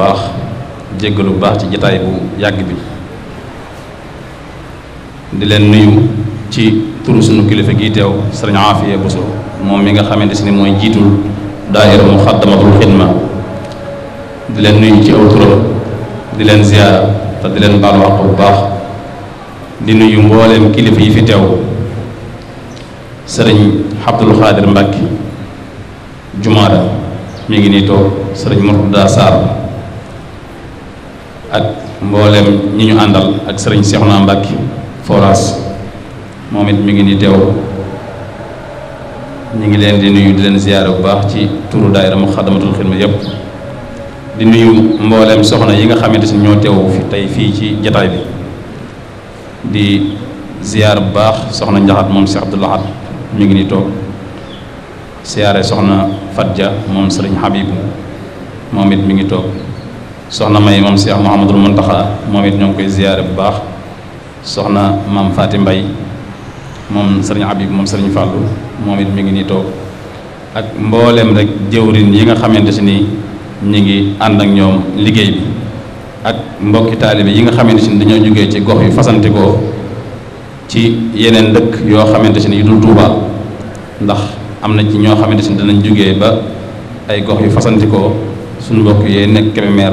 baax jéggalu baax ci jataay bu yàgg bi di leen nuyu ci turu sunu kilifa gi teew sëriñ Aafiya Buso moom mi nga xamante si ni mooy jiitul daayira mu xaddamatul xidma di leen nuyu ci aw di leen ziyaara te di leen baal bu baax di nuyu mbooleem kilifa yi fi teew sëriñ Abdul Xaadir Mbàkke jumaada mi ngi nii toog sëriñ Murtada Sarr ak mboolem ñi ñu àndal ak sëriñ Seexuna Mbàkke Foras moom it mu ngi nii teew ñu ngi leen di nuyu di leen ziyaare bu baax ci turu daayira Muxaddamatul Xidma yépp di nuyu mbooleem soxna yi nga xamante si ñoo teew tey fii ci jataay bi di ziyaar bu baax soxna Njaxat moom Seex Abdul Ahad mi ngi ni toog siyaare soxna Fadja moom sëriñ Habibu moom it mi ngi toog soxna may moom Cheikh Mouhamadul Muntaxa moom it ñoo ngi koy ziyaare bu baax soxna maam Faati Mbay moom sëriñ Habib moom sëriñ Fàllu moom it mi ngi nii toog ak mbooleem rek jëwrin yi nga xamante si nii ñi ngi ànd ak ñoom liggéey bi ak mbokki taalibe yi nga xamante si ni dañoo jógee ci gox yu fasante ci yeneen dëkk yoo xamante si ni yu dul Tuuba ndax am na ci ñoo xamante si ni danañ jógee ba ay gox yu fasantikoo suñu mbokk yee nekk Kébémer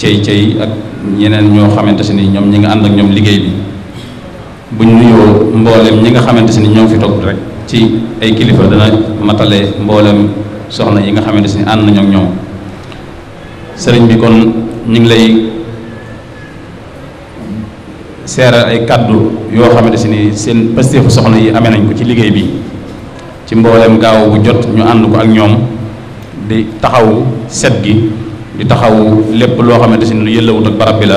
cey cey ak yeneen ñoo xamante si ni ñoom ñi nga ànd ak ñoom liggéey bi buñ nuyoo mbooleem ñi nga xamante si ni ñoo fi toog rek ci ay kilifa dana matale mboolem soxna yi nga xamante si ni ànd nañoo ñoom sëriñ bi kon ñu ngi lay seeral ay kàddu yoo xamante si ni seen pasteefu soxna yi amee nañ ko ci liggéey bi ci mboolem gaaw bu jot ñu ànd ko ak ñoom di taxaw set gi di taxaw lépp loo xamante si ni lu yëllawut ak barab bi la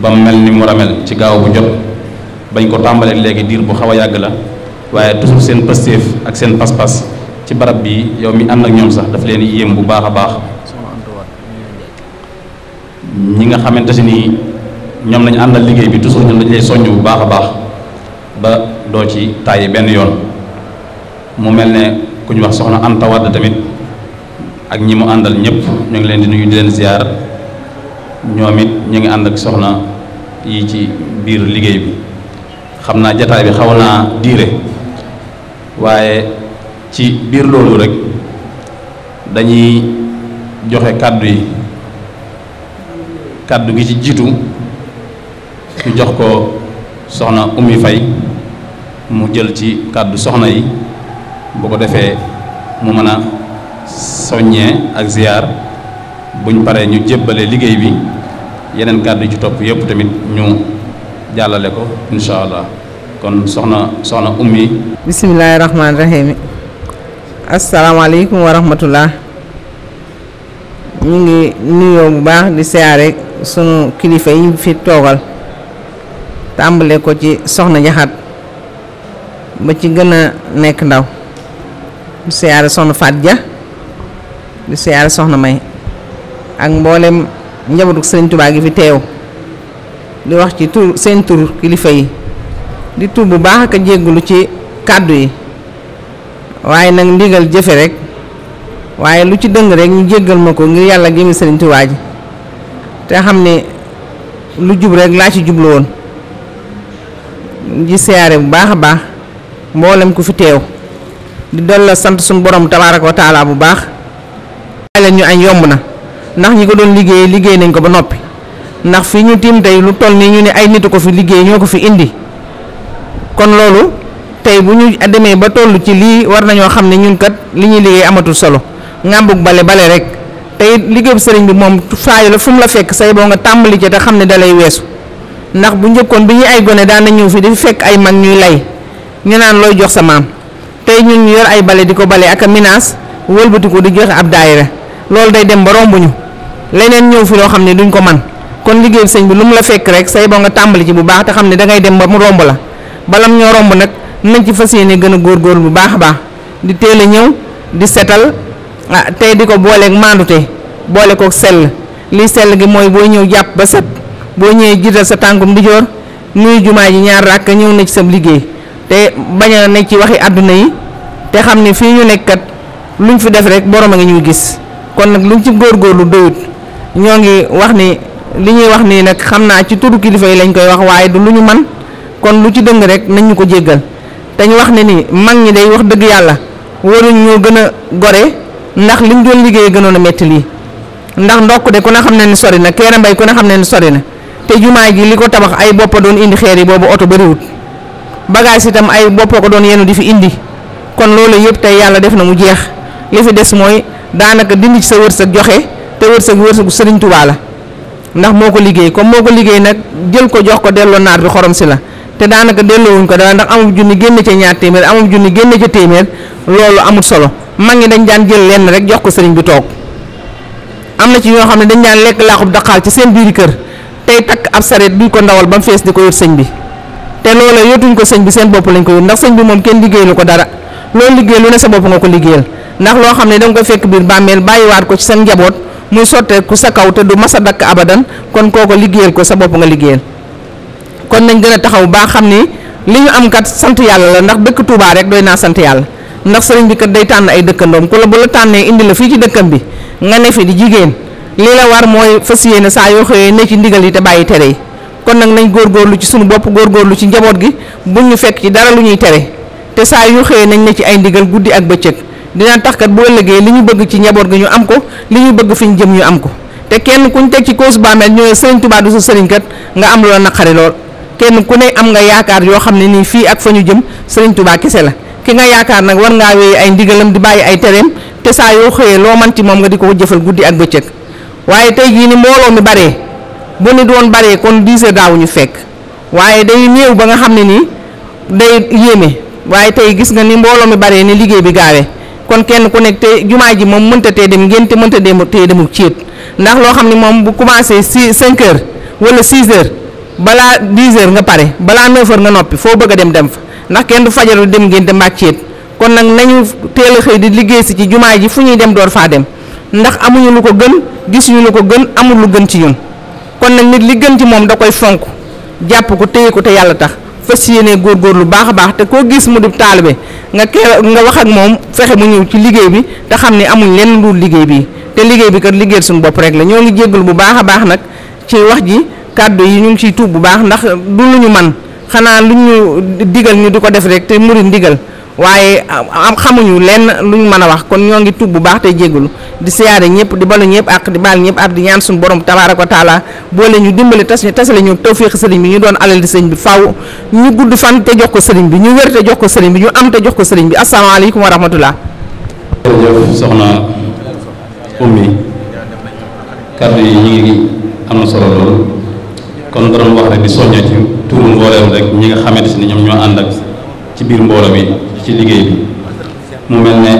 ba mel ni mu war a mel ci gaaw bu jot bañ ko tàmbalee léegi diir bu xaw a yàgg la waaye toujours seen pëstéef ak seen pas ci barab bi yow mi ànd ak ñoom sax daf leen yéem bu baax a baax ñi nga xamante si ni ñoom lañu àndal liggéey bi toujours ñoom dañu lay soññ bu baax a baax ba doo ci tàyyi benn yoon mu mel ne ku ñu wax soxna Anta tamit ak ñi mu àndal ñëpp ñu ngi leen di nuyu di leen ziar ñoom it ñu ngi ànd ak soxna yi ci biir liggéey bi xam naa jataay bi xaw naa diire waaye ci biir loolu rek dañuy joxe kàddu yi kàddu gi ci jiitu ñu jox ko soxna Oumy fay mu jël ci kàddu soxna yi bu ko defee mu mën a soññee ak ziyaar buñ paree ñu jébbale liggéey bi yeneen kàddu yi ci topp yëpp tamit ñu jàllale ko incha allah kon soxna soxna ummi. bisimilah rahmaani rahiim asalaamaaleykum wa rahmatullah ñu ngi nuyoo bu baax di siyaare sunu kilifa yi fi toogal tàmbale ko ci soxna jaxat ba ci gën a nekk ndaw siyaare soxna Faat Ja di siyaare soxna may ak mboolem njabootu sëriñ Tuubaa gi fi teew di wax ci tur seen kilifa yi di tur bu baax ak a jéggulu ci kàddu yi waaye nag ndigal jëfe rekk waaye lu ci dëng rek ñu jéggal ma ko ngir yàlla jëmi sëriñ Tuubaa ji te xam ne lu jub rek laa ci jublu woon ji siyaare bu baax a baax mboolem ku fi teew di la sant suñu borom tabaaraka wa bu baax kaay leen añ yomb na ndax ñi ko doon liggéey liggéey nañ ko ba noppi ndax fii ñu tiim tey lu toll nii ñu ne ay nitu ko fi liggéey ñoo ko fi indi kon loolu tey bu ñu demee ba toll ci lii war nañoo xam ne ñun kat li ñuy liggéey amatul solo ngàmbug bale bale rek tey liggéeyu sëriñ bi moom faayu la fu la fekk say boo nga tàmbali ci te xam ne dalay weesu ndax bu njëkkoon bi ñu ay gone daan na ñëw fi di fekk ay mag ñuy lay ñu naan looy jox sa maam tey ñun ñu di ko bale ak a minaas wëlbatiku di joxe loolu day dem ba rombuñu leneen ñëw fi loo xam ne duñ ko man kon liggéey sëñ bi lu mu la fekk rek say boo nga tàmbali ci bu baax te xam ne dangay dem ba mu romb la balam ñoo romb nag nañ ci fas yéene gën a góorgóorlu bu baax a baax di teel a ñëw di setal ah tey di ko booleeg maandute boole ko sell lii sell gi mooy boo ñëw jàpp ba set boo ñëwee jiital sa tànkum ndijoor nuyu jumaa ji ñaar ràkk ñëw na ci sa liggéey te bañ a nekk ci waxi àdduna yi te xam ne fii ñu nekkat fi def rek borom a ngi ñuy gis kon nag luñ ci góor góorgóorlu doyut ñoo ngi wax ni li ñuy wax nii nag xam naa ci turu kilifa yi lañ koy wax waaye du lu ñu man kon lu ci dëng rek nañ ñu ko jéggal te wax ne ni mag ñi day wax dëgg yàlla waruñ ñoo gën a gore ndax li liñ doon liggéey gënoon a métti lii ndax ndokk de ku ne xam ne ni sori na Kéré Mbaye ku ne xam ne ni sori na te jumaa ji li ko tabax ay boppa doon indi xeer yi boobu oto bariwut bagage itam ay boppa ko doon yenu di fi indi kon loolu yëpp tey yàlla def na mu jeex li fi des mooy daanaka dindi ci sa wërsëg joxe te wërsëg wërsëgu sëriñ Tuubaa la ndax moo ko liggéey comme moo ko liggéey nag jël ko jox ko delloo naar bi xorom si la te daanaka delloowuñ ko dara ndax amul junni génn ca ñaar téeméer amul junni génn ca téeméer loolu amul solo mag ñi dañ daan jël lenn rek jox ko sëriñ bi toog am na ci ñoo xam ne dañ daan lekk laaxub daqaal ci seen biiri kër tey takk ab sareet duñ ko ndawal ba fees di ko yót sëñ bi te loola yótuñ ko sëñ bi seen bopp lañ ko yót ndax sëñ bi moom kenn liggéey lu ko dara loolu liggéey lu ne sa bopp nga ko liggéeyal ndax loo xam ne danga ko fekk biir bàmmeel bàyyiwaat ko ci seen njaboot muy sotteeku sa kaw te du mas a dakk abadan kon kooko liggéeyal ko sa bopp nga liggéeyal kon nañ gën a taxaw baa xam ni li ñu am kat sant yàlla la ndax dëkk Touba rek doy naa sant yàlla ndax sëriñ bi kat day tànn ay dëkkandoom ku la bu la tànnee indi la fii ci dëkkam bi nga ne fi di jigéen lii la war mooy fas yéene saa yoo xëyee ne ci ndigal yi te bàyyi tere yi kon nag nañ góorgóorlu ci sunu bopp góorgóorlu ci njaboot gi bu ñu fekk ci dara lu ñuy tere te saa yu xëyee nañ ne ci ay ndigal guddi ak bëccëg dina tax kat bu ëllëgee li ñu bëgg ci njaboot gi ñu am ko li ñu bëgg fi ñu jëm ñu am ko te kenn ku ñu teg ci cos bàmmeel ñu ne sëriñ Tuubaa du sa sëriñ kat nga am loola naqari lool kenn ku ne am nga yaakaar yoo xam ne nii fii ak fa ñu jëm sëriñ Tuubaa kese la ki nga yaakaar nag war ngaa wéy ay ndigalam di bàyyi ay tereem te saa yoo xëyee loo man ci moom nga di ko jëfal guddi ak bëccëg waaye tey jii ni mbooloo mi baree bu nit woon baree kon diise daawuñu fekk waaye day néew ba nga xam ne nii day waaye tey gis nga ni mbooloo mi baree ni liggéey bi gaawee kon kenn ku nekk te jumaa ji moom mënta tee dem ngénte mënta dem tee demul céet ndax loo xam ne moom bu commencé si 5 heures wala 6 heures balaa 10 heures nga pare balaa 9 heures nga noppi foo bëgg a dem dem fa ndax kenn du fajaru dem ngénte mbaa céet kon nag nañu teel xëy di liggéey si ci jumaa ji fu ñuy dem door faa dem ndax amuñu lu ko gën gisuñu lu ko gën amul lu gën ci ñun kon nag nit li gën ci moom da koy fonk jàpp ko téye ko te yàlla tax góor góor lu baax a baax te koo gis mu di taalibe nga ke nga wax ak moom fexe mu ñëw ci liggéey bi te xam ne amuñ lenn lu liggéey bi te liggéey bi kat liggéeyal suñu bopp rek la ñoo ngi jégalu bu baax a baax nag ci wax ji kàddu yi ñu ngi ciy tuub bu baax ndax du lu ñu man xanaa lu ñu digal ñu di ko def rek te murid ndigal waaye uh, am xamuñu lenn luñ mën a wax kon ñoo ngi tub bu baax tey jégalu di siyaare ñëpp di balu ñëpp ak di baal ñëpp ab di ñaan suñu borom tabaaraka wa taala boole ñu dimbale tas ñu tasale ñu tawféex sëriñ bi ñu doon alal di sëriñ bi faaw ñu gudd fan te jox bi ñu wér te jox ko sëriñ bi ko wa rahmatullah jërëjëf soxna ummi kàddu yi ñu ngi am na solo loolu kon doon wax rek di soññee ci tuuru mbooleem rek ñi nga xamante ni ñoom ñoo ànd ak ci biir mbooloo bi ci liggéey bi mu mel ne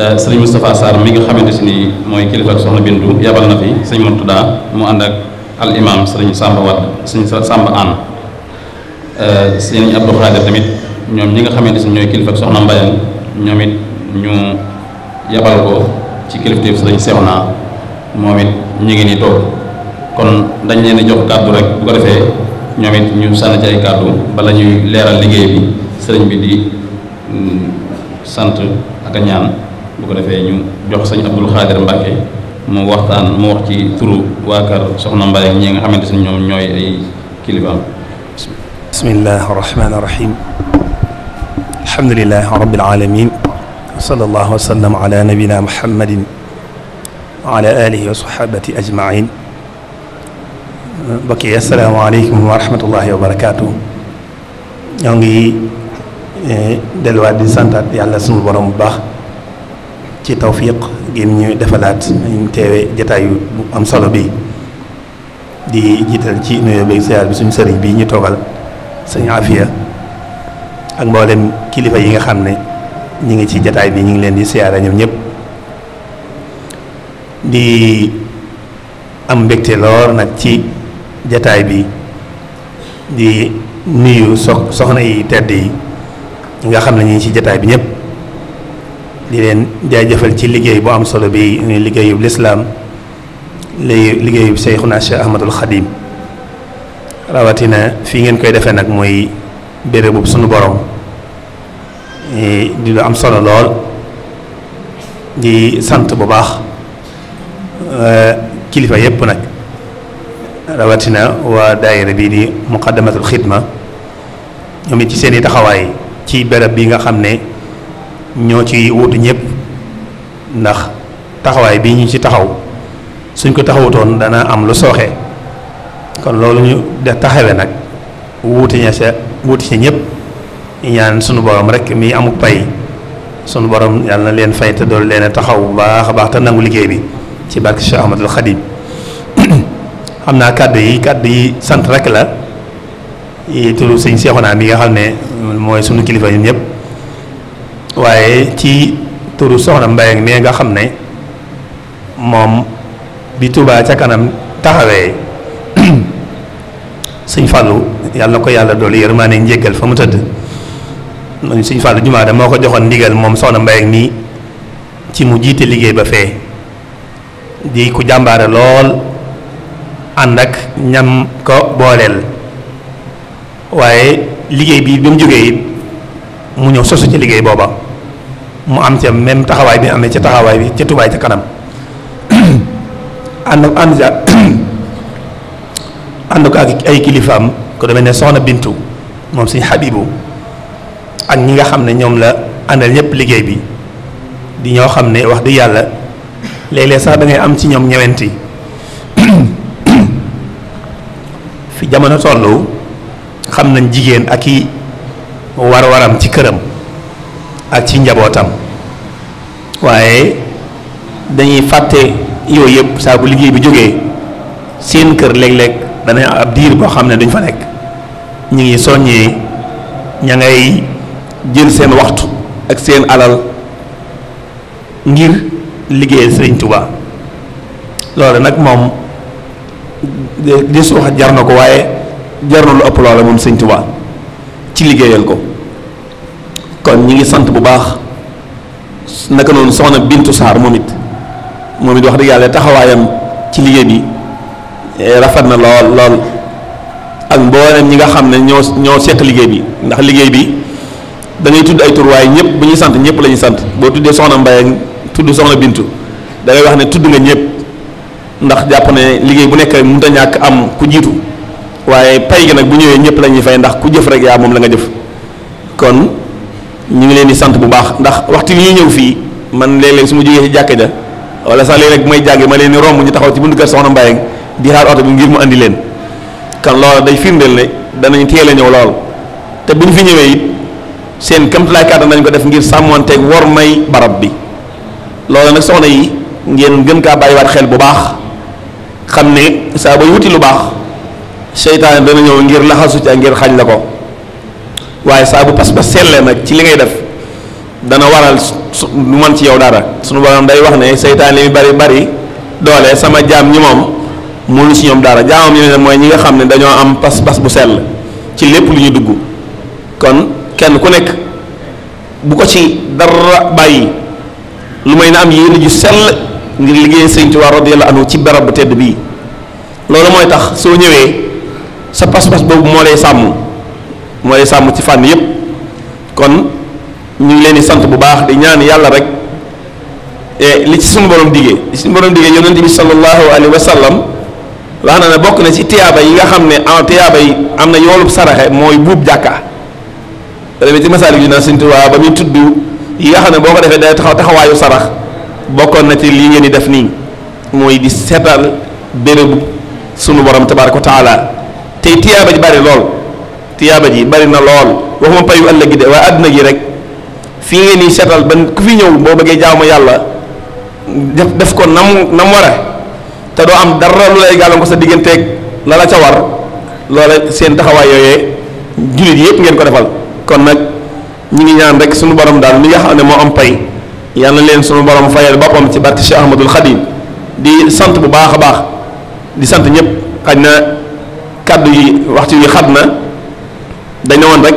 euh, sëriñ Moustapha Sarr mi nga xamante si ni mooy kilifa ak soxna Bintu yabal na fi sëñ Murtada mu ànd ak al imam sëriñ Samba Wade sëriñ Samba Ann euh, sëriñ Abdou Khadir tamit ñoom ñi nga xamante si ñooy kilifa ak soxna Mbayang ñoom it ñu yabal ko ci kilifteef sëriñ Seexuna moom it ñu ngi ni toog kon dañ leen jox kàddu rek bu ko defee ñoom it ñu sànni kàddu bala ñuy leeral liggéey bi sëriñ bi di mm, sant ak a ñaan bu ko defee ñu jox sëñ Abdul Xaadir Mbàkke mu waxtaan mu wax ci turu waa Soxna Mbaye ñi nga xamante ne ñoom ñooy ay kilifaam. bismillahi rahmaani rahim alhamdulilahi rabbil alamin wa sallallahu wa sallam wa ala alihi wa sahabati ajmain mbokk wa barakaatu Eh, delluwaat di santaat yàlla suñu borom bu baax ci tawfiq gi ñu defalaat ñu teewee jataayu bu am solo bi di jiital ci nuyoo beeg siyaar bi suñu sëriñ bi ñu toogal sëñ Afia ak mboolem kilifa yi nga xam ne ñu ngi ci jataay bi ñu ngi leen di siyaara ñoom ñëpp di am mbégte lool nag ci jataay bi di nuyu so soxna yi tedd yi. nga xam ne ñu ngi ci jataay bi ñëpp di leen jaajëfal ci liggéey bu am solo bi ñuy liggéeyub lislaam léegi liggéeyub Seyxuna Cheikh Ahmadul Xadim rawatina fii ngeen koy defee nag mooy bérébu suñu borom di lu am solo lool di sant bu baax eh, kilifa yépp nag rawatina waa daayira bii di muqaddamatul xidma ñoom it ci seeni taxawaay ci béréb bi nga xam ne ñoo ci wutu ñëpp ndax taxawaay bi ñu ci taxaw suñ ko taxawutoon danaa am lu sooxe kon loolu ñu de taxawe nag wuuti ña sa wuuti sa ñëpp ñaan sunu borom rek mi amuk pay sunu borom yàlla na leen fay te doon leen taxaw bu baax a baax te nangu liggéey bi ci barke Cheikh Ahmadul Xadim xam naa kàdd yi kàddu yi sant rek la turu sëñ Seexuna bi nga xam ne mooy sunu kilifa ñun ñëpp waaye ci turu soxna Mbaye mi nga xam ne moom bi Touba ca kanam taxawee sëñ Fallou yàlla ko yàlla doolu yërmaane njéggal fa mu tëdd man sëñ Fallou jumaa moo ko joxoon ndigal moom soxna Mbaye nii ci mu jiite liggéey ba fee di ku jàmbaare lool ànd ak ñam ko booleel waaye liggéey bi ba mu jógee it mu ñëw sosu ci liggéey booba mu am ca même taxawaay bi amee ca taxawaay bi ca tubaay ca kanam ànd ànd ànd ko ak ay kilifaam ko demee ne soxna Bintu moom si Habibu ak ñi nga xam ne ñoom la àndal ñëpp liggéey bi di ñoo xam ne wax dëgg yàlla léeg sax dangay am ci ñoom ñewenti fi jamono tollu xam nañ jigéen ak i war-waram ci këram ak ci njabootam waaye dañuy fàtte yooyu yëpp saabu liggéey bi jóge seen kër léeg dana danañ ab diir boo xam ne duñ fa nekk ñu ngi soññee ña ngay jël seen waxtu ak seen alal ngir liggéeyal Sëriñ Tuubaa loolu nag moom de su wax jar na ko waaye jar na lu ëpp loola moom sëñ Tuubaa ci liggéeyal ko kon ñi ngi sant bu baax naka noonu soxna Bintu Sarr moom it moom it wax dëgg yàlla taxawaayam ci liggéey bi eh, rafet na lool lool ak mboolem ñi nga xam ne ñoo ñoo seq liggéey bi ndax liggéey bi da tudd ay tur waaye ñëpp bu ñuy sant ñëpp la sant boo tuddee soxna mbay Mbaye tudd soxna Bintu da wax ne tudd nga ñëpp ndax jàpp ne liggéey bu nekk rek mënut ñàkk am ku jiitu. waaye pay gi nag bu ñëwee ñëpp la ñuy fay ndax ku jëf rek yaa moom la nga jëf kon ñu ngi leen di sant bu baax ndax waxtu wi ñuy ñëw fii man léeg leen su ma jógee ci jàkka ja wala sax léeg-léeg bu may jàngi ma leen di romb ñu taxaw ci buntu kër soxna Mbaye di xaar oto bi ngir mu andi leen kan loolu day firndeel ne danañ teel a ñëw lool te bu ñu fi ñëwee it seen kamtalaay kàttan dañ ko def ngir sàmmanteeg war may barab bi loolu nag soxna yi ngeen gën kaa bàyyiwaat xel bu baax xam ne saa wuti lu baax seytaane dana ñëw ngir laxasu ca ngir xañ la ko waaye saa bu pas ba sellee nag ci li ngay def dana waral su du mën ci yow dara sunu borom day wax ne seytaane yi bari bari doole sama jaam ñi moom mënu ci ñoom dara jaamam mooy ñi nga xam ne dañoo am pas pas bu sell ci lépp lu ñu dugg kon kenn ku nekk bu ko ci dara bàyyi lu may na am yéen ju sell ngir liggéey Sëriñ Tuubaa radiyallaahu anhu ci barab bu tedd bii loolu mooy tax soo ñëwee. sa pas-pas boobu moo lay sàmm moo lay sàmm ci fànn yépp kon ñu ngi leen di sant bu baax di ñaan yàlla rek e li ci suñu borom diggee li ci suñu borom diggee yonent bi sallallahu alayhi wa sallam wax na ne bokk na ci tiyaaba yi nga xam ne am ah, am na yoolu saraxe mooy buub jàkka demee ci masaalik bi naan Sëñ Tuubaa ba muy tudd yi nga xam ne boo ko defee day taxaw taxawaayu sarax bokkoon na ci lii ngeen di def nii mooy di seetal bérébu sunu borom tabaaraka wa taala tey tiyaaba ji bari lool tiyaaba ji bari na lool waxuma payu ëllëg gi de waaye àdduna gi rek fii ngeen ni seetal ba ku fi ñëw boo bëggee jaamu yàlla def def ko nam nam ware te doo am dara lu lay gàllan ko sa digganteeg la la ca war loola seen taxawaay yooyee jullit yëpp ngeen ko defal kon nag ñu ngi ñaan rek suñu borom daal mu nga xam ne moo am pay yàlla leen suñu borom fayal boppam ci barke Cheikh Ahmadul Xadim di sant bu baax a baax di sant ñëpp kàddu yi waxtu yi xat na dañ ne woon rek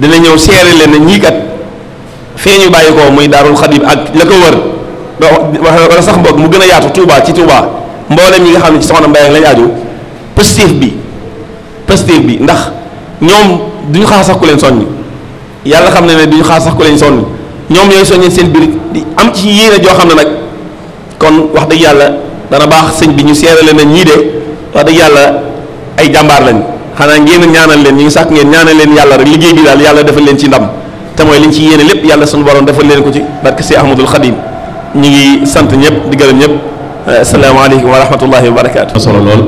dina ñëw seere leen ne ñii kat fee ñu bàyyi ko muy daarul xadim ak la ko wër wala sax mboog mu gën a yaatu Touba ci Touba mboolem ñi nga xam ne ci soxna Mbaye lañ aju positif bi positif bi ndax ñoom duñu xaar sax ku leen soññ yàlla xam ne ne duñu xaar sax ku leen soññ ñoom ñooy soññeen seen biir di am ci yéene joo xam ne nag kon wax dëgg yàlla dana baax sëñ bi ñu seere leen ne ñii de wax dëgg ay jàmbaar lañ xanaa ngeen ñaanal leen ñu ngi sàkk ngeen ñaanal leen yàlla rek liggéey bi daal yàlla defal leen ci ndam te mooy liñ ci yéene lépp yàlla sunu borom defal leen ko ci barke si Ahmadul Xadim ñu ngi sant ñëpp di gërëm ñëpp euh, asalaamaaleykum wa rahmatullahi wa barakaatu. solo lool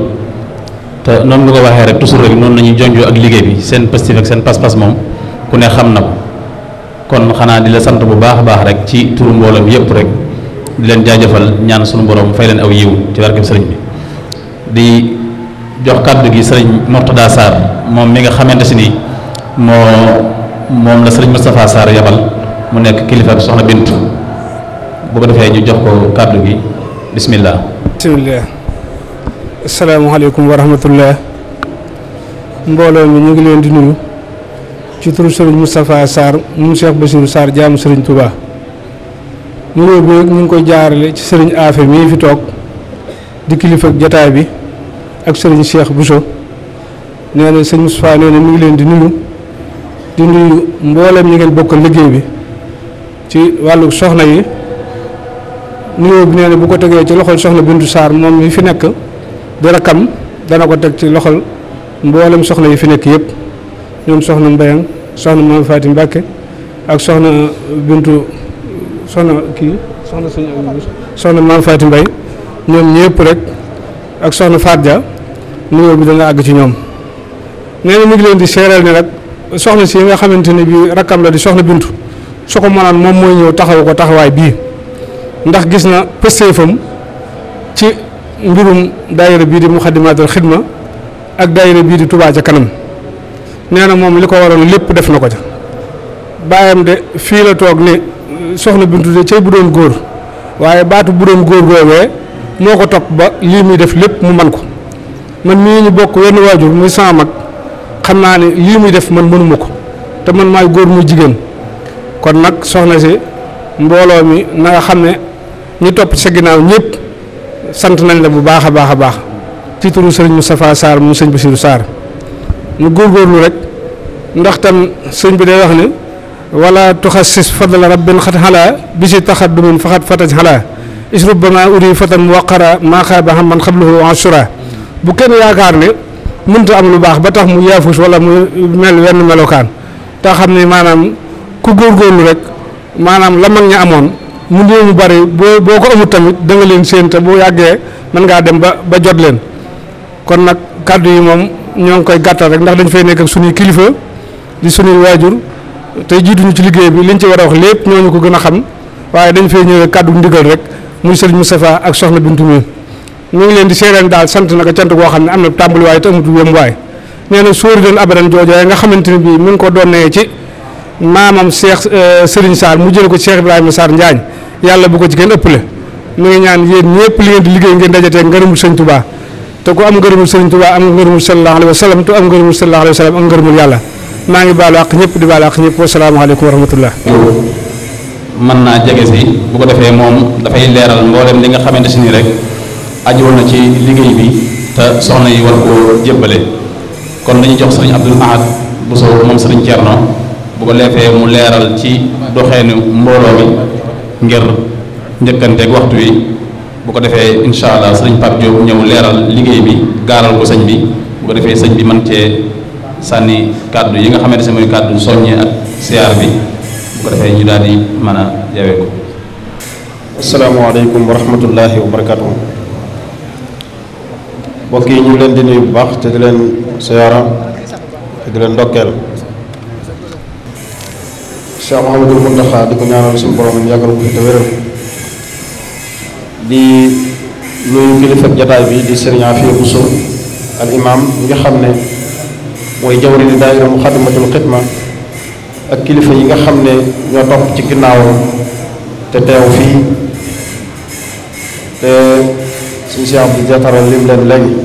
te noonu nga ko waxee rek toujours rek noonu la ñuy jonjoo ak liggéey bi seen positif ak seen pas moom ku ne xam na ko kon xanaa di la sant bu baax a baax rek ci turu mbooloom yëpp rek di leen jaajëfal ñaan sunu borom fay leen aw yiw ci barkeb sëriñ bi di. jox kàddu gi sëriñ Mortada Sarr moom mi nga xamante si nii moo moom la sëriñ Moustapha Sarr yabal mu nekk kilifa ak soxna Bintu bu ko defee ñu jox ko kàddu gi bismillah bismillah asalaamaaleykum wa rahmatullah mbooloo mi ñu ngi leen di nuyu ci turu sëriñ Moustapha Sarr mu Cheikh Bassirou Sarr jaamu sëriñ Touba nuyoo bi ñu ngi koy jaarale ci sëriñ Afe mii fi toog di kilifa ak jataay bi ak sëriñ Cheikh Bousso nee na sëñ Moustapha nee mu ngi leen di nuyu di nuyu mboolem ñi ngeen bokkal liggéey bi ci wàllu soxna yi nuyoo bi nee na bu ko tegee ci loxol soxna Bintu saar moom mi fi nekk di rakkam dana ko teg ci loxol mboolem soxna yi fi nekk yëpp ñoom soxna Mbayang soxna Mame Fatim Mbacke ak soxna Bintu soxna kii soxna sëñ soxna Mame mbay Mbaye ñoom ñëpp rek. ak soxna Faat Dia nuyoo bi dana àgg ci ñoom nee na leen di seeral ni nag soxna si nga xamante ne bii rakkam la di soxna Bintu su ko mënaan moom mooy ñëw taxaw ko taxawaay bii ndax gis na pësteefam ci mbirum daayira bii di Muxaddamaatul Xidma ak daayira bii di tubaa ca kanam nee na moom li ko waroon lépp def na ko ca baayam de fii la toog ne soxna Bintu de cey bu doon góor waaye baatu bu doon góor googee moo ko topp ba lii muy def lépp mu man ko man mii ñu bokk wenn waajur muy sama mag xam naa ne lii muy def man mënuma ko te man maay góor muy jigéen kon nag soxna si mbooloo mi na xam ne ñu topp sa ginnaaw ñëpp sant nañ la bu baax a baax a baax ci turu mu safaa Sarr mu sëñ saar mu góor góorgóorlu rek ndax tam sëñ bi day wax ne wala tuxassis fadla benn xat xalaa bi si taxat dumin faxat fataj xalaa is rubbama uri fatan waqara maa xaaba xam man xabluhu ansura bu kenn yaakaar ne mënta am lu baax ba tax mu yaafus wala mu mel wenn melokaan te xam ne maanaam ku góor góorgóorlu rek maanaam la mag ña amoon mu néew ñu bari boo boo ko amut tamit danga leen séen te bu yàggee mën ngaa dem ba ba jot leen kon nag kàddu yi moom ñoo ngi koy gàttal rek ndax dañ fay nekk ak suñuy kilifa di suñuy waajur te jiituñu ci liggéey bi liñ ci war a wax lépp ñooñu ko gën a xam waaye dañ fay ñëwee kàddu ndigal rek muy sëriñ Moustapha ak soxna Bintu mi ñu ngi leen di seereen daal sant na naka cant boo xam ne am na tàmbaliwaay te amatul yënguwaay nee na sóori doon abadan jooju nga xamante ne bii mi ngi ko doonee ci maamam Cheikh euh, Serigne Sarr mu jële ko ci Cheikh Ibrahima Sarr Njaañ yàlla bu ko ci kenn ëppale mi ngi ñaan yéen ñëpp li ngeen di liggéey ngeen dajatee ngërëmul sëñ Touba te ko am ngërëmul sëñ Touba am ngërëmul sallallahu alayhi wa sallam te am ngërëmul sallallahu alayhi wa sallam am ngërëmul yàlla maa ngi baalu àq ñëpp di baalu àq ñëpp wasalaamaaleykum wa mën naa jege si bu ko defee moom dafay leeral mboolem li nga xamante si nii rek ajuwal na ci liggéey bi te soxna yi war koo jébbale kon dañuy jox sëriñ Abdul Ahad bu soo moom sëriñ Cerno bu ko defee mu leeral ci doxee doxeenu mbooloo mi ngir njëkkanteeg waxtu wi bu ko defee incha allah sëriñ Pape Diop ñëw leeral liggéey bi gaaral ko sëñ bi bu ko defee sëñ bi man cee sànni kàddu yi nga xamante si mooy kàddu soññee ak siyaar bi ko defee ñu daal di mën a jawee ko asalaamaaleykum wa wa barakaatu mbokk yi ñu leen di bu baax te di leen siyaara te di leen ndokkeel Cheikh Mouhamadul Mountakha di ko ñaanal suñu borom yàggal ko fi te wéral di nuyu kilifa jataay bi di Serigne Afia Bousso al imam nga xam ne mooy jawri di daayira Muxaddamatul Xidma ak kilifa yi nga xam ne ñoo topp ci ginnaawam te teew fii te suñu si am di jataral lim leen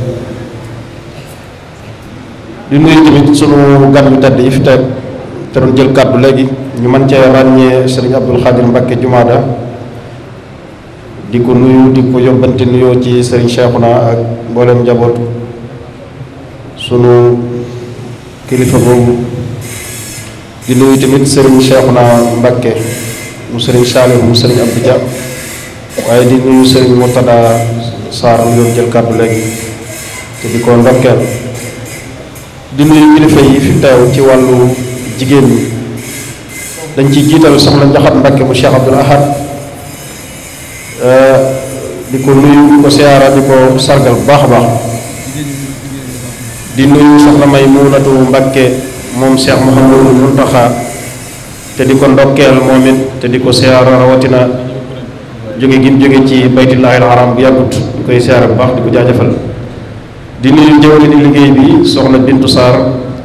jël kàddu léegi ñu mën cee ràññee sëriñ Abdul Xaadir Mbakke di ko nuyu di ko ci sëriñ Cheikhouna ak mboolem njaboot sunu kilifa boobu di nuyu tamit sëriñ Cheikhouna Mbacké mu sëriñ Saliou mu sëriñ Abdou waaye di nuyu sëriñ Murtada Sarr mu doon jël kàddu léegi te di ko ndokkeel di nuyu kilifa yi fi teew ci wàllu jigéen ñi dañ ciy jiital soxna Njaxat Mbacké bu Cheikh Abdoul Ahad euh, di ko nuyu di ko siyaara di ko sargal bu baax a baax di nuyu soxna Maymunatu Mbacké moom Cheikh Mouhamadul Muntaxa te di ko ndokkeel moom it te di ko siyaara rawatina jóge gi jóge ci baytullahi alharam bu yàggut di koy siyaara bu baax di ko jaajëfal di nuyu jëwri di liggéey bi soxna Bintu Sarr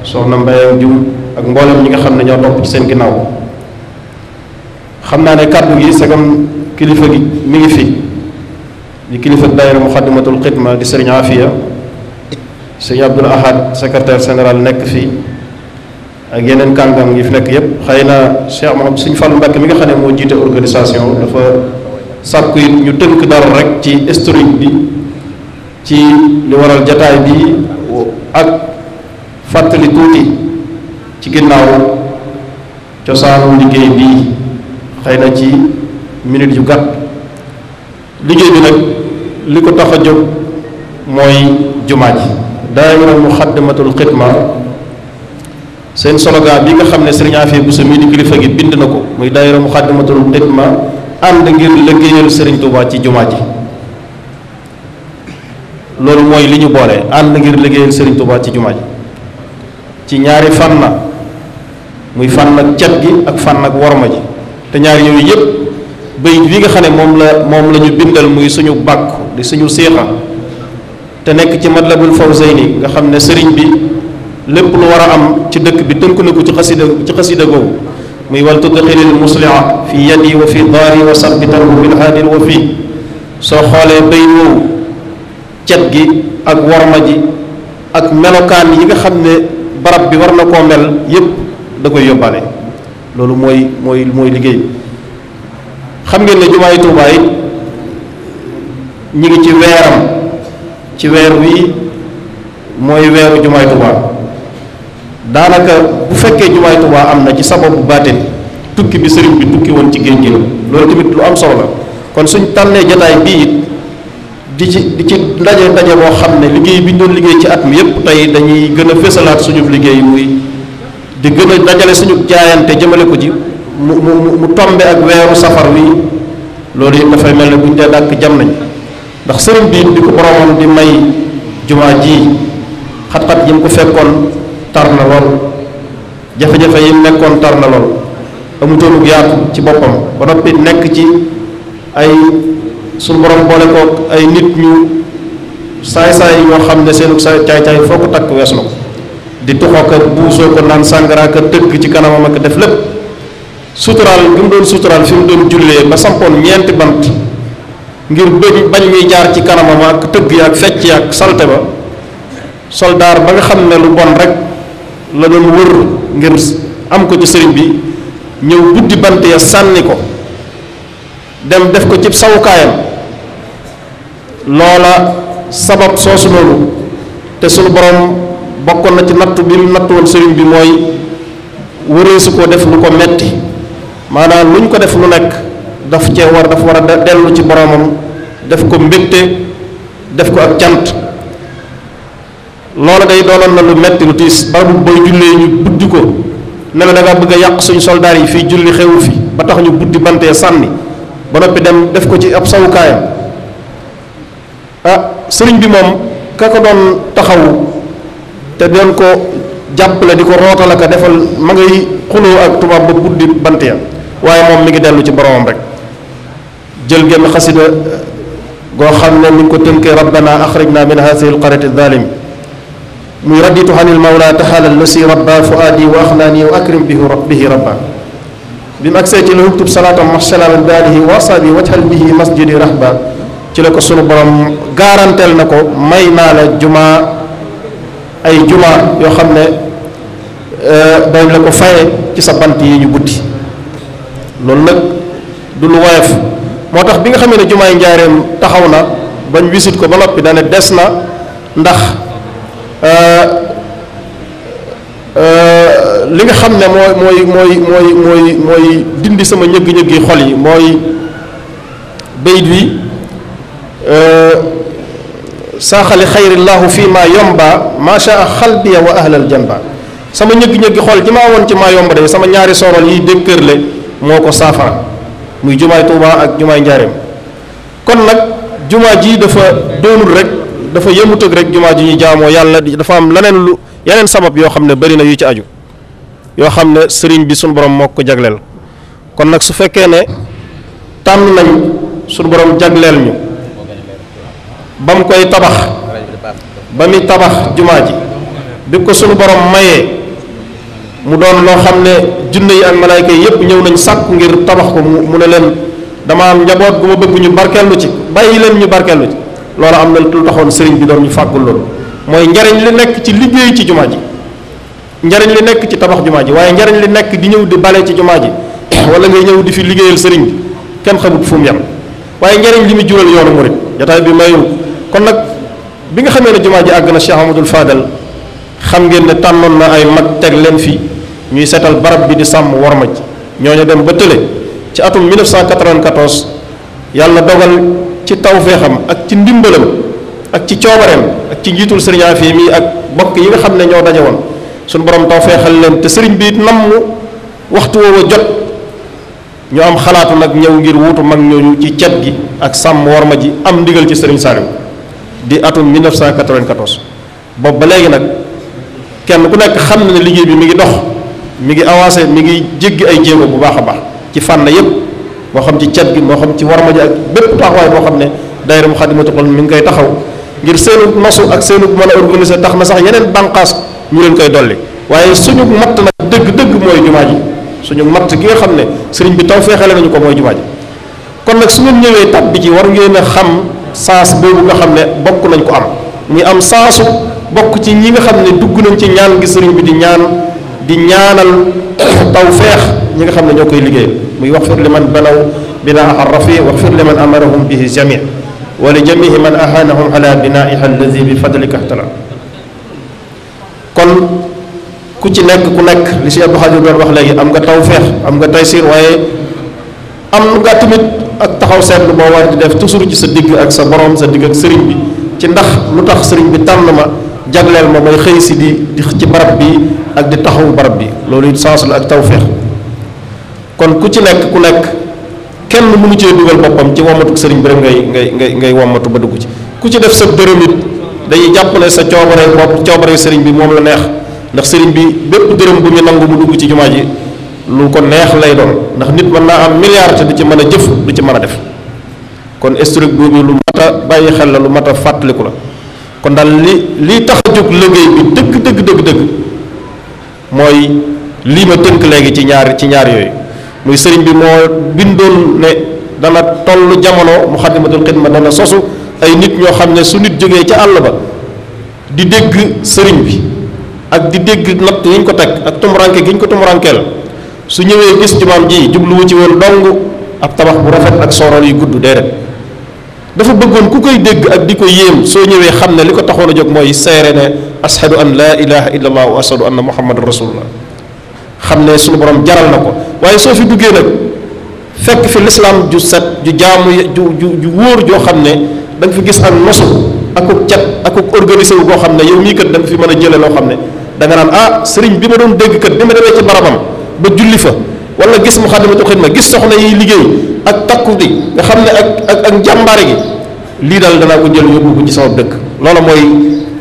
soxna Mbayang Jum ak mboolem ñi nga xam ne ñoo topp ci seen ginnaaw xam naa ne kàddu gi sagam kilifa gi mi ngi fi di kilifa daayira muxaddamatul xidma di sëriñ Afia sëriñ Abdul Ahad secrétaire général nekk fii ak yeneen kàngam yi fi nekk yépp xëy na Cheikh Mouhamed Sëñ Fallu Mbàkke mi nga xam ne moo jiite organisation dafa sàkku it ñu tënk dara rek ci historique bi ci li waral jataay bi ak fàttali tuuti ci ginnaaw cosaanu liggéey bi xëy na ci minute yu gàtt liggéey bi nag li ko tax a jóg mooy jumaa ji daayira Muxaddamatul Xidma seen slogan bi nga xam ne Serigne Afia Bousso mii di kilifa gi bind na ko muy daayira Muxaddamatul Xidma ànd ngir liggéeyal Serigne Touba ci jumaa ji loolu mooy li ñu boole ànd ngir liggéeyal Serigne Touba ci jumaa ji ci ñaari fànn muy fànn ak cet gi ak fan ak worma ji te ñaari yooyu yëpp bayit bi nga xam ne moom la moom la ñu bindal muy suñu bàkku di suñu siixa te nekk ci Matlabul Fawzayni nga xam ne sëriñ bi. lépp lu war a am ci dëkk bi tënk na ko ci xasida ci xasida googu muy wal tudxilil musliha fi yadi wa fi daari wa sabbitanhu bil haadil wa fi soo xoolee bay woowu cet gi ak warma ji ak melokaan yi nga xam ne barab bi war na koo mel yépp da koy yóbbaale loolu mooy mooy mooy liggéey xam ngeen ne jumaay Tuubaa yi ñi ngi ci weeram ci weer wi mooy weeru jumaay Tuubaa daanaka bu fekkee jumaay Tuubaa am na ci sababu baatin tukki bi sëriñ bi tukki woon ci géej gi loolu tamit lu am solo la kon suñ tànnee jataay bii it di ci di ci ndaje ndaje boo xam ne liggéey bi ñu doon liggéey ci at mi yépp tey dañuy gën a fésalaat suñu liggéey muy di gën a dajale suñu jaayante jëmale ko ci mu mu mu tombe ak weeru safar wi loolu it dafay mel ne bu ñu dee dàkk jam nañ ndax sëriñ bi di ko boromam di may jumaa ji xat-xat yi ko fekkoon tar na lool jafe-jafe yi nekkoon tar na lool amutoonug yaatu ci boppam ba noppi nekk ci ay suñu borom boole kook ay nit ñu saay-saay ñoo xam ne seenug saay caay-caay foo ko takk wees na ko di tuxoo ko buusoo ko naan sàngara ko tëgg ci kanamam ak def lépp suturaal bi mu doon suturaal fi mu doon jullee ba sampoon ñeenti bant ngir bëgg bañ muy jaar ci kanamam ak tëgg yaak yaak salte ba soldaar ba nga xam ne lu bon rek la doon wër ngir am ko ci sëriñ bi ñëw buddi bant ya sànni ko dem def ko ci sawukaayam loola sabab soosu noonu te sunu borom bokkoon na ci natt bi mu nattu woon sëriñ bi mooy wëreesu su ko def lu ko metti maanaam lu ñu ko def lu nekk daf cee war dafa war a dellu ci boromam def ko mbégte def ko ak cant loola day doonoon na lu metti lu tiis barabu booy jullee ñu buddi ko ne la da bëgg a yàq suñu soldaar yi fii julli xewu fi ba tax ñu buddi bantee sànni ba noppi dem def ko ci ab sawukaayam ah sëriñ bi moom ka ko doon taxaw te doon ko jàppale di ko rootal ak defal ma ngay xuloo ak tubaab ba buddi bant ya waaye moom mi ngi dellu ci boromam rek jël genn xasida goo xam ne mi ngi ko tënkee rabbana axrajna min hadihi alqaryati zalimi muy raditu anil mawla taxalal lasi rabba fuaadi wa axlaani wa akrim bihi bihi rabba bi mu agsee ci la uktub salaatan masalaman bi alihi wa bi wajhal bihi masjidi rahba ci la ko sunu borom gaaranteel na ko may naa la jumaa ay jumaa yoo xam ne euh, dañ la ko faye ci sa bant yi ñu buddi loolu nag du lu woyof moo tax bi nga xamee ne yi njaareem taxaw na bañ wisit ko ba noppi dana des na ndax Euh, euh, li nga xam ne mooy mooy mooy mooy mooy mooy dindi sama ñëgg-ñëggi xol yi mooy bayit wi euh, saaxali xayrillahu fii maa yomba macha xalbiya wa alal janba sama ñëgg-ñëggi xol ji maa woon ci maa yomba de sama ñaari sorol yi dëkkërle moo ko saafara muy jumaay Tuubaa ak jumaay njaareem kon nag jumaa ji dafa doonul rek dafa yëmut ak rek jumaa ji ñu jaamoo yàlla dafa am leneen lu yeneen sabab yoo xam ne bari na yu ci aju yoo xam ne sëriñ bi suñu borom moo ko jagleel kon nag su fekkee ne tànn nañ suñu borom jagleel ñu ba mu koy tabax ba muy tabax jumaa ji bi ko suñu borom mayee mu doon loo xam ne junne yi ak malaayka yi yëpp ñëw nañ sàkk ngir tabax ko mu ne leen dama am njaboot gu ma bëgg ñu barkeelu ci bàyyi leen ñu barkeelu ci loolu am na lu taxoon sëriñ bi doon ñu fàggul loolu mooy njariñ li nekk ci liggéey ci jumaa ji njariñ li nekk ci tabax jumaa ji waaye njariñ li nekk di ñëw di bale ci jumaa ji wala ngay ñëw di fi liggéeyal sëriñ kenn xamut fu mu yem waaye njariñ li mu jural yoonu murit jotaay bi mayul kon nag bi nga xamee ne jumaa ji àgg na Cheikh Amadou Fadel xam ngeen ne tànnoon na ay mag teg leen fi ñuy setal barab bi di sàmm warma ji ñooñu dem ba tële ci atum 1994 yàlla dogal ci tawféexam ak ci ndimbalam ak ci coobareem ak ci njiitul sëriñ Afia mii ak bokk yi nga xam ne ñoo daje woon suñu borom tawféexal leen te sëriñ bi namm waxtu woowa jot ñoo am xalaatu nag ñëw ngir wuutu mag ñooñu ci cet gi ak sàmm warma ji am ndigal ci sëriñ Saliou di atum 1994 boobu ba léegi nag kenn ku nekk xam na ne liggéey bi mi ngi dox mi ngi avancé mi ngi jéggi ay jéego bu baax a baax ci fànn yépp moo xam ci cet gi moo xam ci warma ji ak bépp taxawaay boo xam ne daayira Moukhaddamatoul Khidma mi ngi koy taxaw ngir seenu nosu ak seenu mën a organiser tax na sax yeneen bànqaas ñu leen koy dolli waaye suñu matt nag dëgg-dëgg mooy jumaa ji suñu matt gi nga xam ne sëriñ bi taw feexale nañu ko mooy jumaa kon nag su ngeen ñëwee tab bi ci war ngeen a xam saas boobu nga xam ne bokk nañ ko am ñu am saasu bokk ci ñi nga xam ne dugg nañ ci ñaan gi sëriñ bi di ñaan di ñaanal taw feex ñi nga xam ne ñoo koy liggéey muy waxfir li man banaw binaaha rafi waxfir li man amarahum bihi jami wa li jamihi man ahanahum ala binaiha alladi bi fadlika htala kon ku ci nekk ku nekk li si Abdou Khadir doon wax léegi am nga tawféex am nga taysir waaye am nga tamit ak taxaw seetlu boo war di def toujours ci sa digg ak sa borom sa digg ak sëriñ bi ci ndax lu tax sëriñ bi tànn ma jagleel ma mooy xëy si di ci barab bi ak di taxawu barab bi loolu it sens la ak tawféex kon ku ci nekk ku nekk kenn mënu cee dugal boppam ci wamatu sëriñ bi rek ngay ngay ngay ngay wamatu ba dugg ci ku ci def sa dërëm it dañuy jàpp ne sa coobare bopp coobare sëriñ bi moom la neex ndax sëriñ bi bépp dërëm bu ñu nangu mu dugg ci jumaa ji lu ko neex lay doon ndax nit mën naa am milliard te du ci mën a jëf du ci mën a def kon historique boobu lu mat a bàyyi xel la lu mat a fàttaliku la kon daal li li tax a jóg liggéey bi dëgg dëgg dëgg lii ma tënk léegi ci ñaar ci ñaar yooyu muy sëriñ bi moo bindoon ne dana toll jamono muxaddamatul xidma na sosu ay nit ñoo xam ne su nit jógee ca àll ba di dégg sëriñ bi ak di dégg natt yi ñu ko teg ak tumuranke gi ñu ko tumurankeel su ñëwee gis jumaam ji jubluwu ci woon dong ab tabax bu rafet ak soorool yu gudd déedéet dafa bëggoon ku koy dégg ak di ko yéem soo ñëwee xam ne li ko taxoon a jóg mooy seere ne ashadu an laa ilaha illa allah wa ashadu anna muhammadan rasulullah xam ne suñu borom jaral na ko waaye soo fi duggee nag fekk fi lislaam ju set ju jaamu ju ju ju wóor joo xam ne da fi gis ak nosu akuk cat akuk organisé wu koo xam ne yow mii kat da fi mën a jële loo xam ne da naan ah sëriñ bi ma doon dégg kat bi ma demee ci barabam ba julli fa wala gis muxaddamatul xidma gis soxna yi liggéey ak takku bi nga xam ne ak ak ak njàmbaare gi lii daal danaa ko jël yóbbu ko ci sama dëkk loola mooy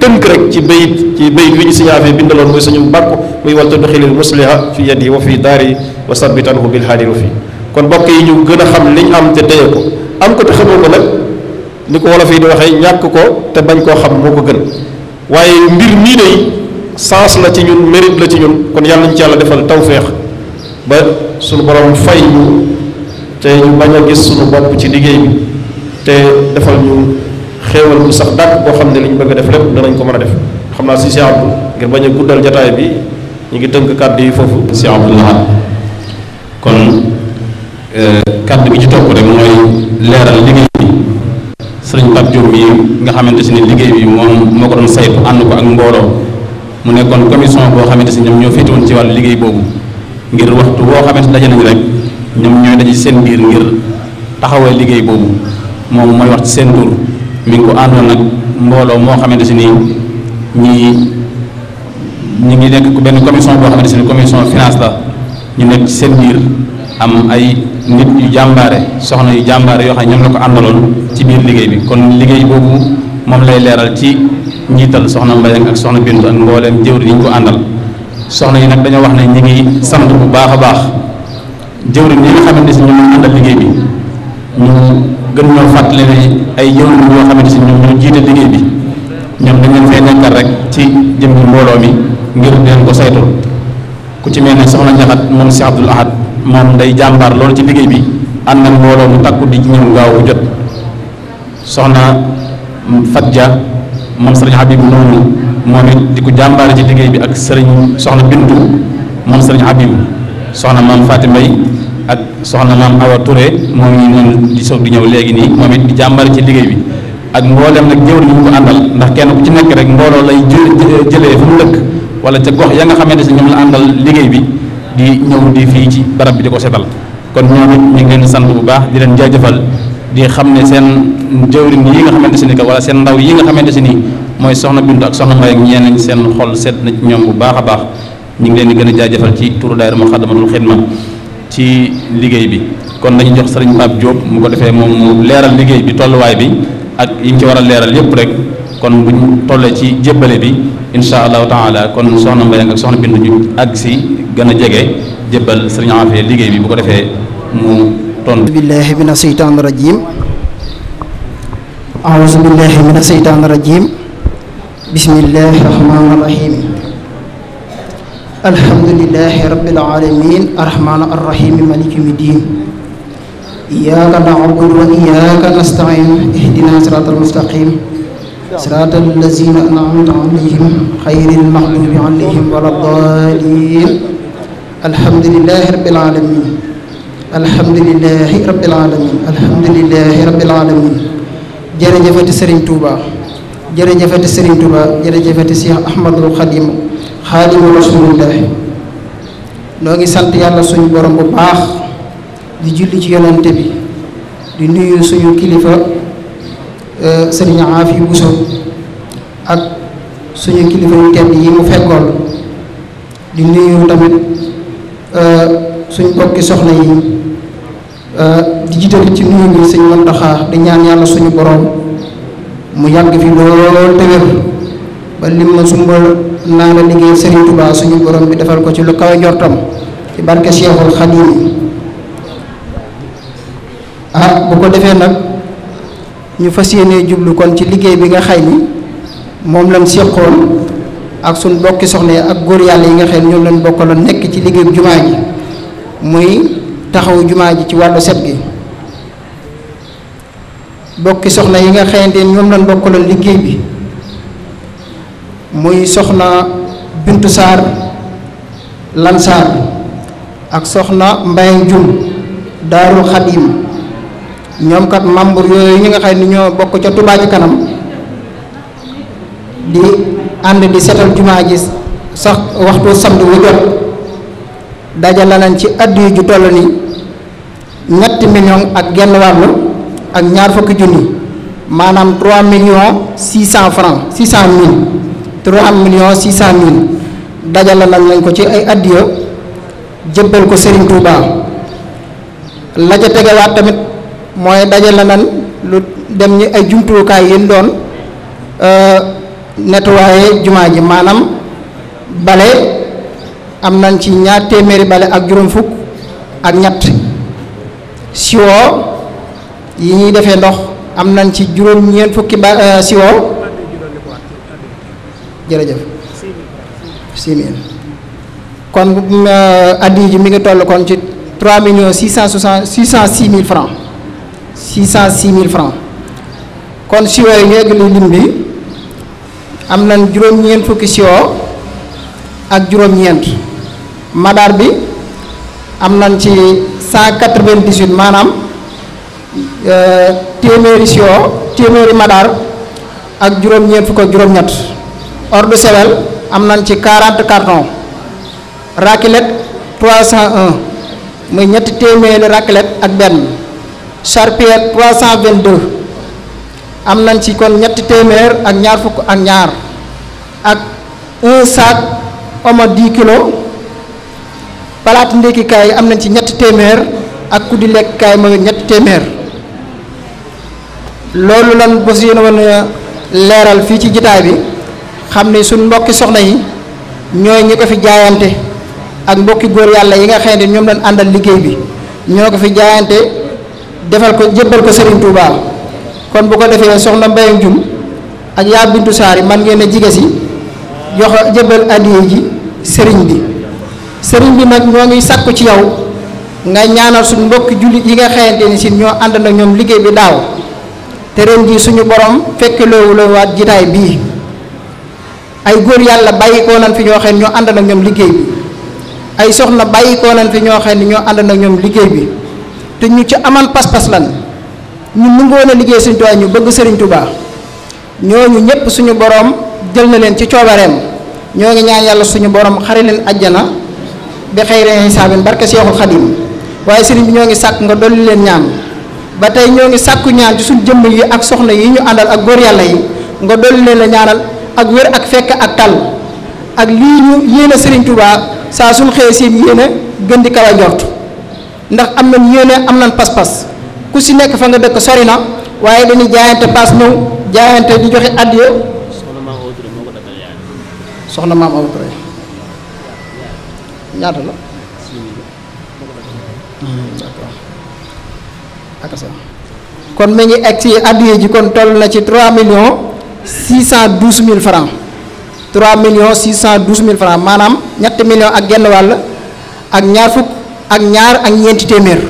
tënk rek ci bayit ci bayit wi ñu signaafee bindaloon mooy suñu bàkku muy wal tudxilil musliha fi yadi wa fi daari wa sabbitanhu bil haadi rufi kon bokk yi ñu gën a xam liñ am te téye ko am ko te xamoo ko nag ni ko wolof yi di waxee ñàkk ko te bañ koo xam moo ko gën waaye mbir mii day sens la ci ñun mérite la ci ñun kon yàlla ñu ci yàlla defal tawféex ba suñu borom fay ñu te ñu bañ a gis suñu bopp ci liggéey bi te defal ñu xéewal mu sax dàq boo xam ne li ñu bëgg a def lépp danañ ko mën a def xam naa si si àbdu ngir jataay bi ñu ngi tënk kàddu yi foofu si Abdul Ahad kon euh, kàddu gi ci topp rek mooy leeral liggéey bi sëriñ Pape Diop nga xamante si ne liggéey bi moom moo ko doon saytu ànd ko ak mbooloo mu nekkoon commission boo xamante si ñoom ñoo féete ci wàllu liggéey boobu ngir waxtu woo xamante daje nañu rek ñoom ñooy daje seen biir ngir taxawal liggéey boobu moom mooy wax ci seen tur mi ngi àndoon nag mbooloo moo xamante si nii ñii ñu ngi nekk benn commission boo xamante ne commission finance la ñu nekk ci seen biir am ay nit yu jàmbaare soxna yu jàmbaare yoo xam ne ñoom la ko àndaloon biir liggéey bi kon liggéey boobu moom lay leeral ci njiital soxna Mbayang ak soxna Bintu ak mbooleem yi ñu ko soxna yi nag dañoo wax ne ñu ngi sant bu baax a baax jëwri ñi nga xamante àndal liggéey bi ñu gën ñoo fàttali ne ay jëwri yoo xamante si ñoom ñoo jiite liggéey bi ñoom dañ leen nekkal rek ci jëm mbooloo mi ngir deen ko saytul ku ci mel ni soxna Njaxat moom si Abdul Ahad moom day jàmbaar loolu ci liggéey bi ànd ak mbooloo mu takku di ñëw gaaw jot soxna Fadja moom sëriñ Habib di ko jàmbaare ci liggéey bi ak sëriñ soxna Bintu moom sëriñ Habib soxna maam Fatim Mbay ak soxna maam Awa ture moom ñu noonu di soog di ñëw léegi nii moom it di jàmbaare ci liggéey bi ak mboolem nag jëwriñ ñu ko àndal ndax kenn ku ci nekk rek mbooloo lay jë jëlee fu mu dëkk wala ca gox ya nga xamante si ñoom la àndal liggéey bi di ñëw di fii ci barab bi di ko setal kon ñoom it ñu ngi leen sant bu baax di leen jaajëfal di xam ne seen jëwriñ yi nga xamante si ni wala seen ndaw yi nga xamante si ni mooy soxna Bintu ak soxna Mbaye ak ñeneen seen xol sedd na ci ñoom bu baax a baax ñu ngi leen di gën a jaajëfal ci turu daayira Muxaddamatul Xidma ci liggéey bi kon dañu jox sëriñ Pape Diop mu ko defee moom mu leeral liggéey bi tolluwaay bi ak yi ci war a leeral rek kon buñ ci jébbale bi incha allahu taala kon soxna Mbayang ak soxna Bintu ñu àgg gën a jege jébbal sëriñ liggéey bi bu ko defee mu tontu billahi mina seytaani rajim auzu billahi mina seytaani rajim bismillahi rahmaani rahim alhamdulillahi rabbil alamin arrahmaani arrahim maliki middin iyyaka na'budu mustaqim صراط الذين أنعمت عليهم غير المغضوب عليهم ولا الضالين الحمد لله رب العالمين الحمد لله رب العالمين الحمد لله رب العالمين jërëjëfati Serigne Touba jërëjëfati Serigne Ahmadul Khadim Khadimu Rasulillah noo ngi sant yàlla suñu borom bu baax di julli ci yonante bi di nuyu suñu kilifa. Euh, sëriñ Aafi Buso ak suñu kilifa yu tedd yi mu fekkoon di nuyu tamit euh, suñ bokki soxna yi euh, di jiital ci nuyu bi sëñ Muntaxa di ñaan yàlla suñu boroom mu yàgg fi lool te ba lim ma sumba naa la liggéey sëriñ Tuubaa suñu borom bi defal ko ci lu kaw jortam ci barke Seexul Xadiim ah bu ko defee nag ñu fas yéene jublu kon ci liggéey bi nga xay ni moom lañ séqoon ak suñ bokki soxna yi ak góor yàlla yi nga xam ne ñoom lañ bokkaloon nekk ci liggéeyu jumaa ji muy taxawu jumaa ji ci wàllu set gi bokki soxna yi nga xamante ne ñoom lañ bokkaloon liggéey bi muy soxna Bintu Saar Lan Saar ak soxna Mbaye Njum Daaru Xadim ñoom kat membre yooyu ñi nga xam ni ñoo bokk ca Touba ci kanam di ànd di setal jumaa ji sax waxtu samedi wu jot dajale nañ ci addiya ji toll ni ñetti million ak genn wàllu ak ñaar fukki junni maanaam 3 millions 600 francs 600 mille 3 millions 600 mille dajale nañ lañ ko ci ay addiya jëbbal ko Serigne Touba la tamit. mooy dajale nan lu dem ñi ay jumtukaay yén doon euh, nettoyer jumaa ji maanaam bale am nañ ci ñaar téeméeri bale ak juróom fukk ak ñett siwo yi ñuy defee ndox am nañ ci juróom ñeent fukki ba euh, siwo jërëjëf six mille kon euh, addi ji mi ngi toll kon ci trois millions six cent soixante six cent six mille francs 606 000 francs kon si yooyu ñu lim bi am na juróom-ñeent fukki si ak juróom-ñeent madaar bi am nañ ci 198 maanaam euh, téeméeri si yoo téeméeri madaar ak juróom-ñeent fukk ak juróom-ñett ordre de sewel am nañ ci 40 carton raclette 301 muy ñetti téeméeri raclette ak benn charpier 322 am nañ ci kon ñetti téeméer ak ñaar fukk ak ñaar ak un sac omo 10 kilos palaat ndékkikaay am nañ ci ñetti téeméer ak kuddi lekkaay mooy ñetti téeméer loolu lan bos yéen woon leeral fii ci jitaay bi xam ni suñ mbokki soxna yi ñooy ñi ko fi jaayante ak mbokki góor yàlla yi nga xam ne ñoom lan àndal liggéey bi ñoo ko fi jaayante defal ko jébbal ko Serigne Touba kon bu ko defee soxna Mbayang Jum ak yaa Bintu Saari man ngeen a jige si jox jébbal addiya ji sëriñ bi sëriñ bi nag ñoo ngi sàkku ci yow nga ñaanal suñu mbokki jullit yi nga xayante ni si ñoo ànd na ñoom liggéey bi daaw te ren ji suñu borom fekk loowu la waat jitaay bii ay góor yàlla bàyyi koo nañ fi ñoo xam ñoo ànd na ñoom liggéey bi ay soxna bàyyi koo nañ fi ñoo xam ne ñoo ànd na ñoom liggéey bi te ñu ci aman pas-pas lan mu nungoon a liggéey Sëriñ Tuubaa ñu bëgg Sëriñ Tuubaa ñooñu ñëpp suñu boroom jël na leen ci coobareem ñoo ngi ñaan yàlla suñu boroom xare leen ajjana bi xayri hisaabin barke Seexul Xadim waaye sëriñ bi ñoo ngi sàkk nga dolli leen ñaan ba tey ñoo ngi sàkku ñaan ci suñu jëmm yi ak soxna yi ñu àndal ak góor yàlla yi nga dolli leen la ñaanal ak wér ak fekk ak tal ak lii ñu yéene Sëriñ Tuubaa saa suñu xëyee seen yéene gën di kaw ndax am nañ yéene am na pas-pas ku si nekk fa nga dëkk sori na waaye dañuy jaayante paas ñëw jaayante di joxe addiya soxna maam Awa Touré ñaata la hmm, d'accord kon mi ngi egg ci addiya ji kon toll na ci 3 millions 612 mille francs 3 millions 612 mille francs maanaam ñetti millions ak genn wàll ak ñaar fukk ak ñaar ak ñeenti téeméer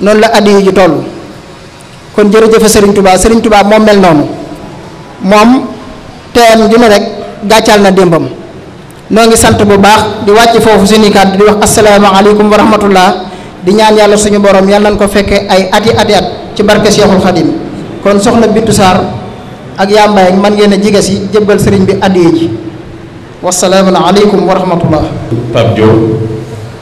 noonu la addiya ji toll kon jërëjëfe Serigne Touba Serigne Touba moom mel noonu moom teem dina rek gàccal na démbam noo ngi sant bu baax di wàcc foofu suñuy kàddu di wax asalaamaaleykum wa rahmatullah di ñaan yàlla suñu borom yàlla nañ ko fekkee ay ati ati at ci barke Cheikhul Khadim kon soxna Bintu Sarr ak yàmbaay man ngeen a jege si jébbal sëriñ bi addiya ji wasalaamu aleykum wa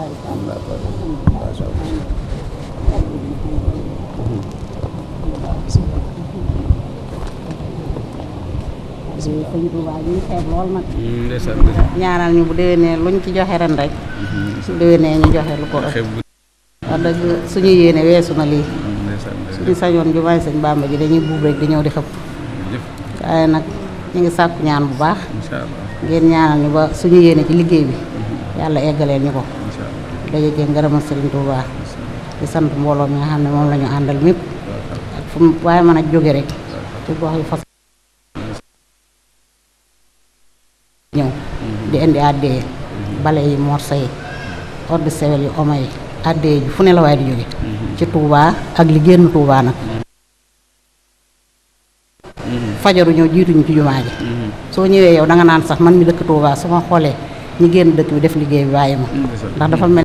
sëñ Touba ñu ngi xeeb lool ñu luñ ci joxe ren rek. su déwénee ñu joxe lu ko ëpp. wax dëgg suñu yéene weesu na lii. suñu sañoon ju may sëñ Bàmba ji dañuy buub rek di ñëw di xëpp. waaye nag ñu ngi sàkku ñaan bu baax. ngeen ñaanal ñu ba suñu yéene ci liggéey bi. Mm-hmm. yàlla eggaleel ñu ko. daje jee ngërëmal Serigne Touba di sant mbooloo mi nga xam ne moom la ñu àndal mépp ak fu mu waaye mën a jóge rek ci gox yi fas ñëw di indi àddee bale yi morso yi ordre sewel yi omo yi àddee ji fu ne la waaye di jóge ci Touba ak li génn Touba nag fajaru ñëw jiituñu ci jumaa ji soo ñëwee yow da nga naan sax man mi dëkk Touba su ma xoolee ñi génn dëkk bi def liggéey bi bàyyi ma ndax dafa mel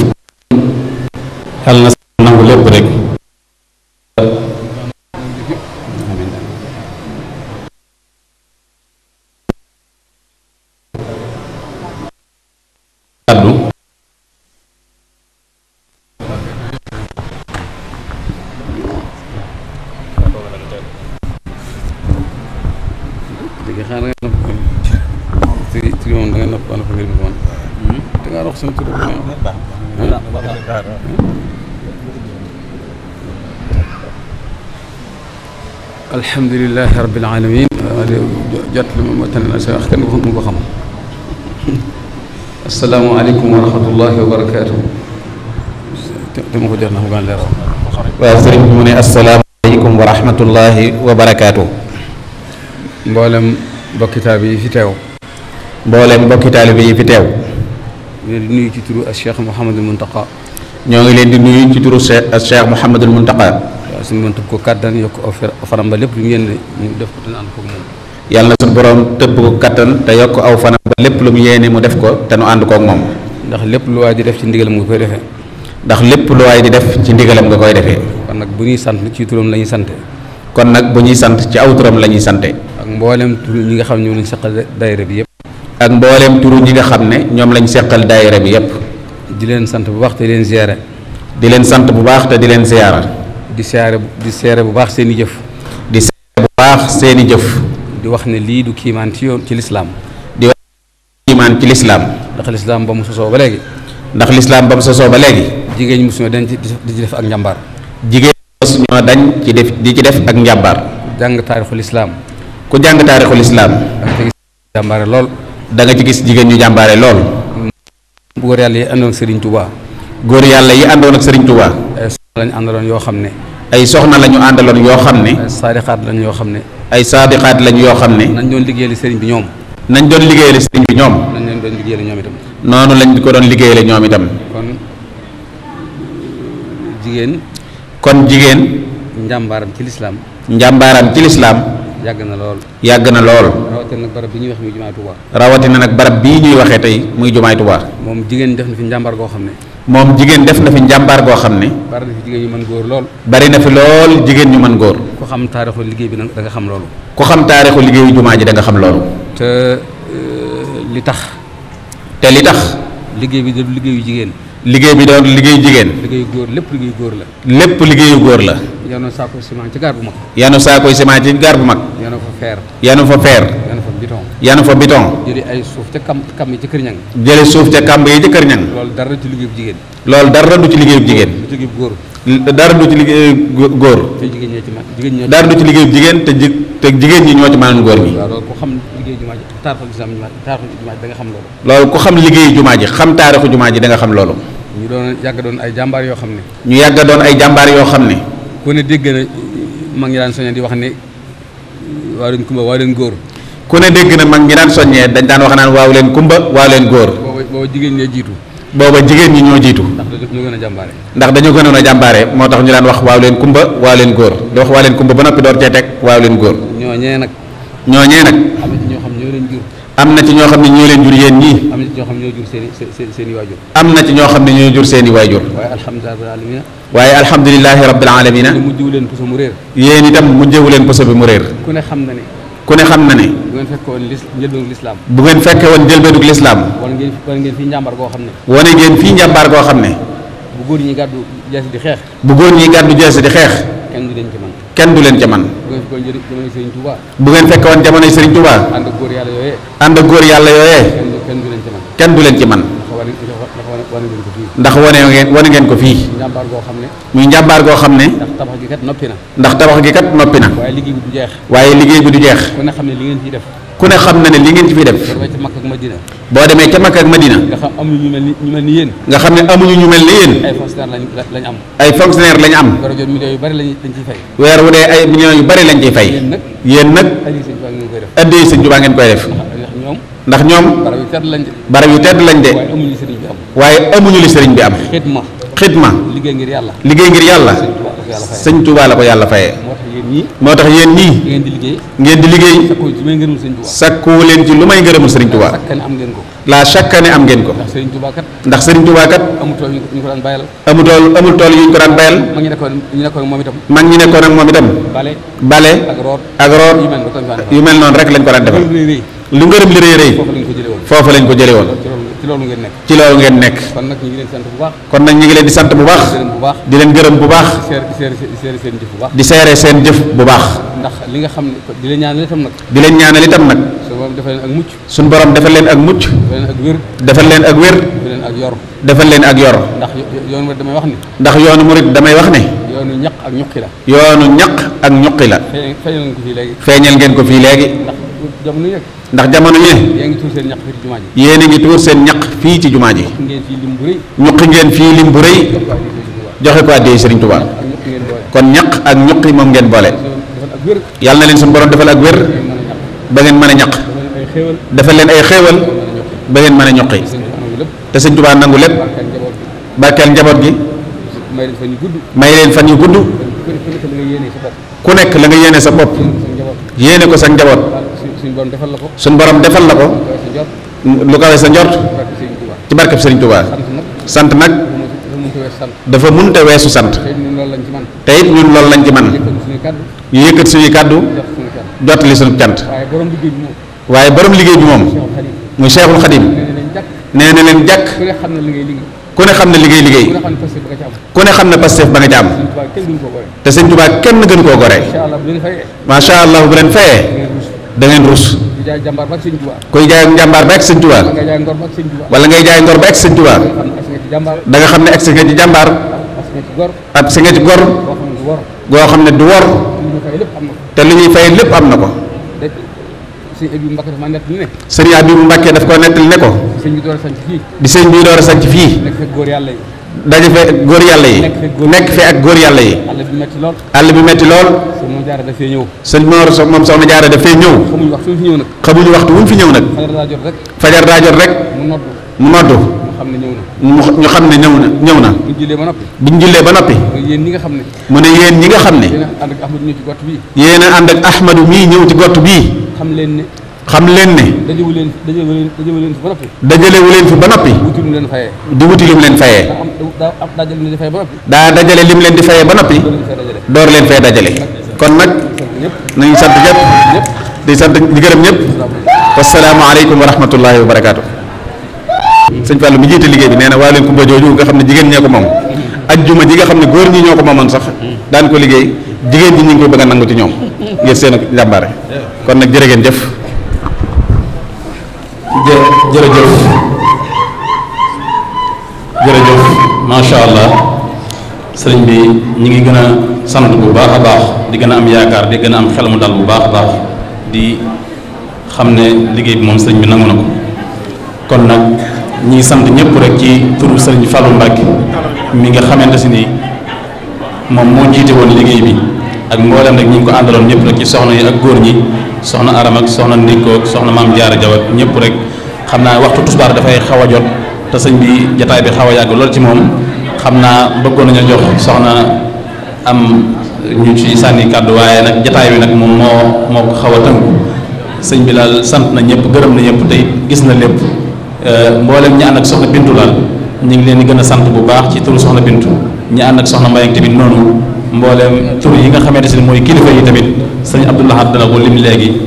alhamdulilahi rabbil alamin jot li ma tan na sa wax kenn ko xam asalaamaaleykum wa rahmatullahi wa barakaatu dama ko jox na mu gën leer waaw sëriñ bi mu ne asalaamaaleykum yi fi teew mboolem mbokki taalibe yi fi teew ñu leen di nuyu ci turu ak Cheikh Mouhamadul ñoo ngi leen di nuyu ci turu Cheikh Mouhamadul Muntaqa su mën ko kàttan yokk aw fanam ba lépp lu mu def ko moom. yàlla na borom tëbb ko kàttan te yokk aw fanam ba lépp lu mu yéene mu def ko te nu ànd kook moom. ndax lépp lu waay di def ci ndigalam nga koy defee. ndax lépp lu waaye di def ci ndigalam nga koy defee. kon nag bu ñuy sant ci turam la ñuy sante. kon nag bu ñuy sant ci aw turam la ñuy sante. ak mboolem turu ñi nga xam ne ñoom lañ seqal daayira bi yëpp. ak mboolem turu ñi nga xam ne ñoom lañ seqal dayre bi yëpp. di leen sant bu baax te di leen ziyaare. di leen sant bu baax te di leen ziyaara. di seere di seere bu baax seen i jëf. di seere bu baax seen i jëf. di wax ne lii du kiimaan ci yoon ci lislaam. di wax kiimaan ci lislaam. ndax lislaam ba mu sosoo ba léegi. ndax lislaam ba mu sosoo ba léegi. jigéen ñi mosuñoo dañ ci di def ak njambaar jigéen mosuñoo dañ ci def di ci def ak njàmbaar. jàng taarixu lislaam. ku jàng taarixu lislaam. da nga ci gis jàmbaare lool. da ci gis jigéen ñu jàmbaare lool. góor yàlla yi àndoon ak Serigne Touba. lañu àndaloon yoo xam ne. ay soxna lañu àndaloon yoo xam ne. ay saadixaat lañu yoo xam ne. ay saadixaat lañu yoo xam ne. nañ doon liggéeyal sëriñ bi ñoom. nañ doon liggéeyal sëriñ bi ñoom. nañ leen doon liggéeyal ñoom itam. noonu lañ ko doon liggéeyal ñoom itam. kon jigéen. kon jigéen. njàmbaaram ci lislaam. njàmbaaram ci lislaam. yàgg na lool. yàgg na lool. rawatina nag barab bi ñuy wax muy jumaay rawatina nag barab bii ñuy waxee tey muy jumaay Tuubaa. moom jigéen def na fi njàmbaar goo xam ne. moom jigéen def na fi njàmbaar goo xam ne. bari na fi jigéen lool. bari na fi lool jigéen ñi mën góor. ku xam taarixu liggéey bi da nga xam loolu. ku xam taarixu liggéeyu jumaa ji da nga xam loolu. te euh, li tax. te li tax. liggéey bi doon liggéeyu jigéen. liggéey bi doon liggéeyu jigéen. liggéeyu góor lépp liggéeyu góor la. lépp liggéeyu góor la. yanu saako ciment ci gaar bu mag. saako ciment ci gaar bu mag. yanu fa feer. yanu fa feer. yanu fa bidon jëlee ay suuf ca kam kam yi ca kër ñang jëlee suuf ca kam yi ca kër ñang loolu dara du ci liggéeyu jigéen loolu dara du ci liggéeyu jigéen du ci liggéeyu góor dara du ci liggéey góor te jigéen ñoo ci man jigéen ñoo dara du ci liggéeyu jigéen te ji te jigéen ñi ñoo ci mënoon góor ñi loolu ku xam liggéey jumaa ji taarixu jumaa ji da xam loolu loolu ku xam liggéey jumaa ji xam taarixu jumaa ji da xam loolu ñu doon yàgg doon ay jàmbaar yoo xam ne ñu yàgg doon ay jàmbaar yoo xam ne ku ne dégg na ma ngi daan soññe di wax ne waa leen kumba waa leen góor ku ne dégg na mag ñi daan soññee dañ daan wax naan waaw leen kumba waaw leen góor. booba jigéen ñi jiitu. booba jigéen ñi ñoo jiitu. ndax dañoo gënoon a jàmbaare moo tax ñu daan wax waaw leen kumba waaw leen góor di wax waaw leen kumba ba noppi door cee teg waaw leen góor. ñooñee nag. ñooñee nag. am na ci ñoo xam ne ñoo leen jur yéen ñii. am na ci ñoo xam ne ñoo jur seen seen i waajur. am na ci ñoo xam ne ñoo jur seen i waajur. waaye alhamdulilah rabbil aalamiina. yéen itam mujjewu leen poso bi mu réer. ku ne xam na ne. ku ne xam na ne. bu ngeen fekke woon njëlbeenug lislaam. bu ngeen fekke woon njëlbeenug lislaam. wane ngeen wane ngeen fii njàmbaar goo xam ne. wane ngeen fii goo xam ne. bu góor ñi gàddu jaasi di xeex. bu góor ñi gàddu jaasi di xeex. kenn du leen ci kenn du leen ci man. bu ngeen fekkoon jamonoy Serigne Touba. bu ngeen fekkoon jamonoy Serigne Touba. ànd ak góor yàlla yooyee. ànd ak góor yàlla yooyee. kenn du leen ci kenn du leen ci man. wane ngeen ko fii. ndax wane ngeen wane ngeen ko fii. njàmbaar goo xam ne. muy njàmbaar goo xam ne. ndax tabax gi kat noppi na. ndax tabax gi kat noppi na. waaye liggéey bi du jeex. ku ne xam ne ne li ngeen ci fi def boo demee ca Makka ak Madina nga xam amuñu ñu mel ni ñu nga xam ne amuñu ñu mel ni yéen ay fonctionnaire lañ am weer wu dee ay millions yu bari lañ ciy fay yéen nag addiya Sëñ Tuubaa ngeen koy def ndax ñoom barab yu tedd lañ de waaye amuñu li sëriñ bi am. xidma xidma liggéey ngir yàlla. liggéey ngir yàlla. sëñ Touba la ko yàlla fayee. moo tax yéen ñii. ngeen di liggéey. ngeen di liggéey. sakku leen ci lu may ngërëmul sëriñ Touba. la chaque ne am ngeen ko. ndax sëriñ Touba kat. ndax sëriñ Touba kat. amul tool yu ñu ko daan bayal. amul tool amul tool yu ñu ko daan bayal. mag ñi nekkoon ak moom itam. mag ñi nekkoon ak moom itam. bale. bale ak root yu mel noonu rek lañ ko daan defal. lu ngërëm li rëy rëy. foofu lañ ko jëlee woon ci loolu ngeen nekk. ci loolu ngeen nekk. kon nag ñu ngi leen di sant bu baax. kon nag ñu ngi leen di sant bu baax. di leen gërëm bu baax. di seere seen jëf bu baax. ndax li nga xam di leen ñaanal itam nag. di leen ñaanal itam nag. suñu borom defal leen ak mucc. suñu borom defal leen ak mucc. defal leen ak wér. defal leen ak yor. ndax yoonu murit damay wax ni. ndax yoonu murit damay wax ni. yoonu ñaq ak ñuqi la. yoonu ñaq ak ñuqi la. feeñal ngeen ko fii léegi. ngeen ko fii léegi. ndax ndax jamono ñe yéen a ngi tuur seen ñaq fii ci jumaa ji ñuqi ngeen fii lim bu rëy joxe ko àddee Sëriñ Tuubaa kon ñaq ak ñuqi moom ngeen boole yàlla na leen suñu borom defal ak wér ba ngeen mën a ñaq defal leen ay xéewal ba ngeen mën a ñuqi te Sëriñ Tuubaa nangu lépp barkeel njaboot gi may leen fan yu gudd ku nekk la nga yéene sa bopp yéene ko sa njaboot suñu borom defal la ko. suñu borom defal la ko. lu kawe sa njort. ci barkeb Serigne Touba. sant nag. dafa mënta weesu sant. te it ñun loolu lañ ci man ñu yëkkat suñuy kàddu. jottali suñu cant. waaye borom liggéey bi moom. mu Cheikhul Khadim. nee na leen jàkk. ku ne xam ne liggéey liggéey. ku ne xam ne Pastef ba nga ca am. te Sëñ Touba kenn gën koo gore. macha allah bu leen fayee. da ngeen rus kuy jaay njàmbaar ba ak sëñ Tuubaa wala ngay jaay ngor ba ak sëñ Tuubaa da nga xam ne agsi nga ci jàmbaar ab si nga ci gor goo xam ne du wor te li ñuy fay lépp am na ko sëriñ Abibu Mbàkke daf ko nettali ne ko di sëñ bi door a sanc fii nekk fekk góor yàlla yi daje fe góor yàlla yi nekk fe ak góor yàlla yi àll bi metti lool àll bi lool moom jaara dafee ñëw sëñ Mor moom soxna jaara dafee ñëw xamuñu waxtu wuñ fi ñëw nag xamuñu waxtu wuñ fi ñëw nag fajar daa jot rek fajar daa jot rek mu noddu mu noddu ñu xam ne ñëw na ñëw na biñ jullee ba noppi biñ ba noppi yéen ñi nga xam ne mu ne yéen ñi nga xam ne yéen a ànd ak Ahmadu mii ñëw ci gott bii xam leen ne xam leen ne. dajalewu leen dajalewu leen dajalewu leen fi ba noppi. leen ba noppi. wuti lu leen fayee. di wuti lim leen fayee. daa am daa dajale lim leen di fayee ba noppi. daa dajale lim leen di ba noppi. door leen fee dajale. kon nag nañu sant ñëpp. di sant di gërëm ñëpp. wasalaamaaleykum wa rahmatullahi wa barakaatu. sëñ Fallou mi jiite liggéey bi nee na waa leen kumba jooju nga xam ne jigéen ñee ko moom. ajjuma ji nga xam ne góor ñi ñoo ko moomoon sax. daan ko liggéey jigéen ñi ñu ngi koy bëgg a nangu ci ñoom ngir seen jàmbaare kon nag jërë ngeen jëf jë jërëjëf jërëjëf macha allah sëriñ bi ñi ngi gën a sant bu baax a baax di gën a am yaakaar di gën a am xel mu dal bu baax a baax di xam ne liggéey bi moom sëriñ bi nangu na ko kon nag ñi ngi sant ñëpp rek ci turu sëriñ Fallou Mbacke mi nga xamante si ni moom moo jiite woon liggéey bi. ak mboolem rek ñi ngi ko àndaloon ñëpp rek ci soxna yi ak góor ñi soxna aramak ak soxna ndikko ak soxna maam jaara jaw ak ñëpp rek xam naa waxtu tusbaar dafay xaw a jot te sëñ bi jataay bi xaw a yàgg loolu ci moom xam naa bëggoon nañu jox soxna am ñu ci sànni kàddu waaye nag jataay bi nag moom moo moo ko xaw a tënku sëñ bi laal sant na ñëpp gërëm na ñëpp tey gis na lépp euh, mboolem ñi ànd ak soxna bintu laal ñu ngi leen di gën a sant bu baax ci turu soxna bintu ñi ànd soxna mbayang tamit noonu mbooleem tur yi nga xamante si mooy kilifa yi tamit sëñ Abdou Lahad dana ko lim léegi.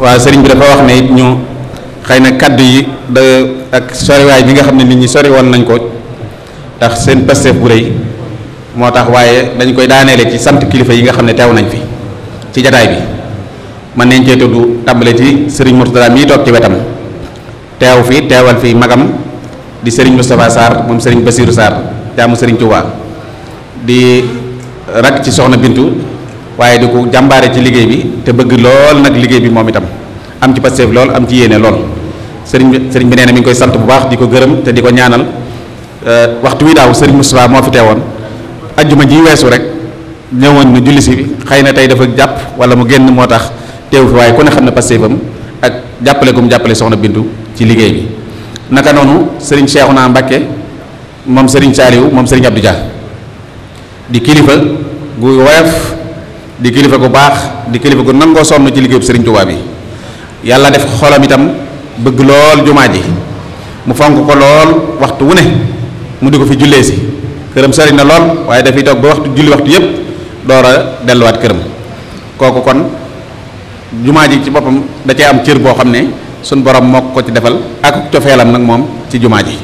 waaw sëriñ bi dafa wax ne it ñu xëy na kàddu yi da ak soriwaay bi nga xam ne nit ñi sori woon nañ ko ndax seen pasteef bu rëy moo tax waaye dañ koy daaneele ci sant kilifa yi nga xam ne teew nañ fi ci jataay bi mën nañ cee tudd tàmbale ci sëriñ Mourtada mii toog ci wetam teew fii teewal fii magam di sëriñ Moustapha Sarr moom sëriñ Basirou Sarr jaamu sëriñ Touba. di rakk ci soxna Bintu waaye di ko jàmbaare ci liggéey bi te bëgg lool nag liggéey bi moom itam am ci pasteef lool am ci yéene lool sëriñ bi sëriñ bi nee mi ngi koy sant bu baax di ko gërëm te di ko ñaanal euh, waxtu wi daaw sëriñ Moustapha moo fi teewoon ajjuma ji weesu rek ñëwoon na julli si xëy na tey dafa jàpp wala mu génn moo tax teew fi waaye ku ne xam ne pasteefam ak jàppale gum jàppale soxna Bintu ci liggéey bi naka noonu sëriñ Cheikhouna Mbacké moom sëriñ Saliou moom sëriñ Abdou di kilifa gu woyof di kilifa bu baax di kilifa gu nangoo sonn ci liggéeyub sëriñ Touba bi yàlla def xolam itam bëgg lool jumaa ji mu fonk ko lool waxtu wu ne mu di ko fi jullee si këram sori na lool waaye dafay toog ba waxtu julli waxtu yépp door delluwaat këram kooku kon jumaa ji ci boppam da cee am cër boo xam ne suñ borom moo ko ci defal ak cofeelam nag moom ci jumaa ji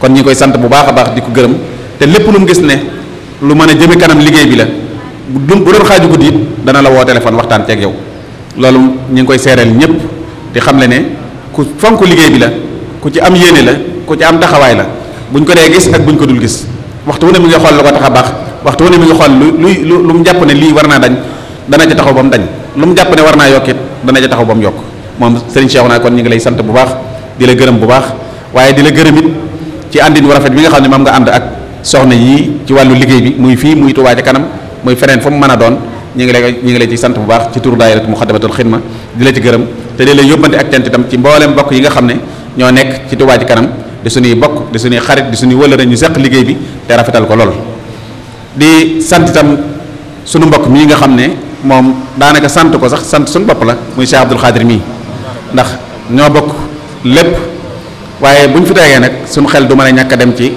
kon ñi koy sant bu baax a baax di ko gërëm te lépp lu mu gis ne lu mën a jëme kanam liggéey bi la bu bu doon xaaju guddi it dana la woo téléphone waxtaan ceeg yow loolu ñu ngi koy seereel ñëpp di xam ne ne ku fonk liggéey bi la ku ci am yéene la ku ci am taxawaay la buñ ko dee gis ak bu buñ ko dul gis waxtu wu ne mu ngi xool lu baax waxtu wu mi ngi xool lu lu lu mu jàpp ne lii war naa dañ dana ci taxaw ba mu dañ lu mu jàpp ne war naa yokk dana ci taxaw ba mu yokk moom Serigne naa kon ñu ngi lay sant bu baax di la gërëm bu baax waaye di la gërëm it ci àndin wu rafet bi nga xam ne moom nga ànd ak soxna yi ci wàllu liggéey bi muy fii muy Touba ca kanam muy feneen fu mu mën a doon ñu ngi lay ñu ngi lay ci sant bu baax ci turu daayiratu Muxaddamatul Xidma di la ci gërëm te di la yóbbante ak cant itam ci mboolem mbokk yi nga xam ne ñoo nekk ci Touba ca kanam di suñuy bokk di suñuy xarit di suñuy wëllëre ñu seq liggéey bi te rafetal ko lool sant itam suñu mbokk mii nga xam ne moom daanaka sant ko sax sant suñu bopp la muy Cheikh Abdoul Khadir mii ndax ñoo bokk lépp waaye bu ñu fi tegee nag suñu xel du mën a ñàkk a dem ci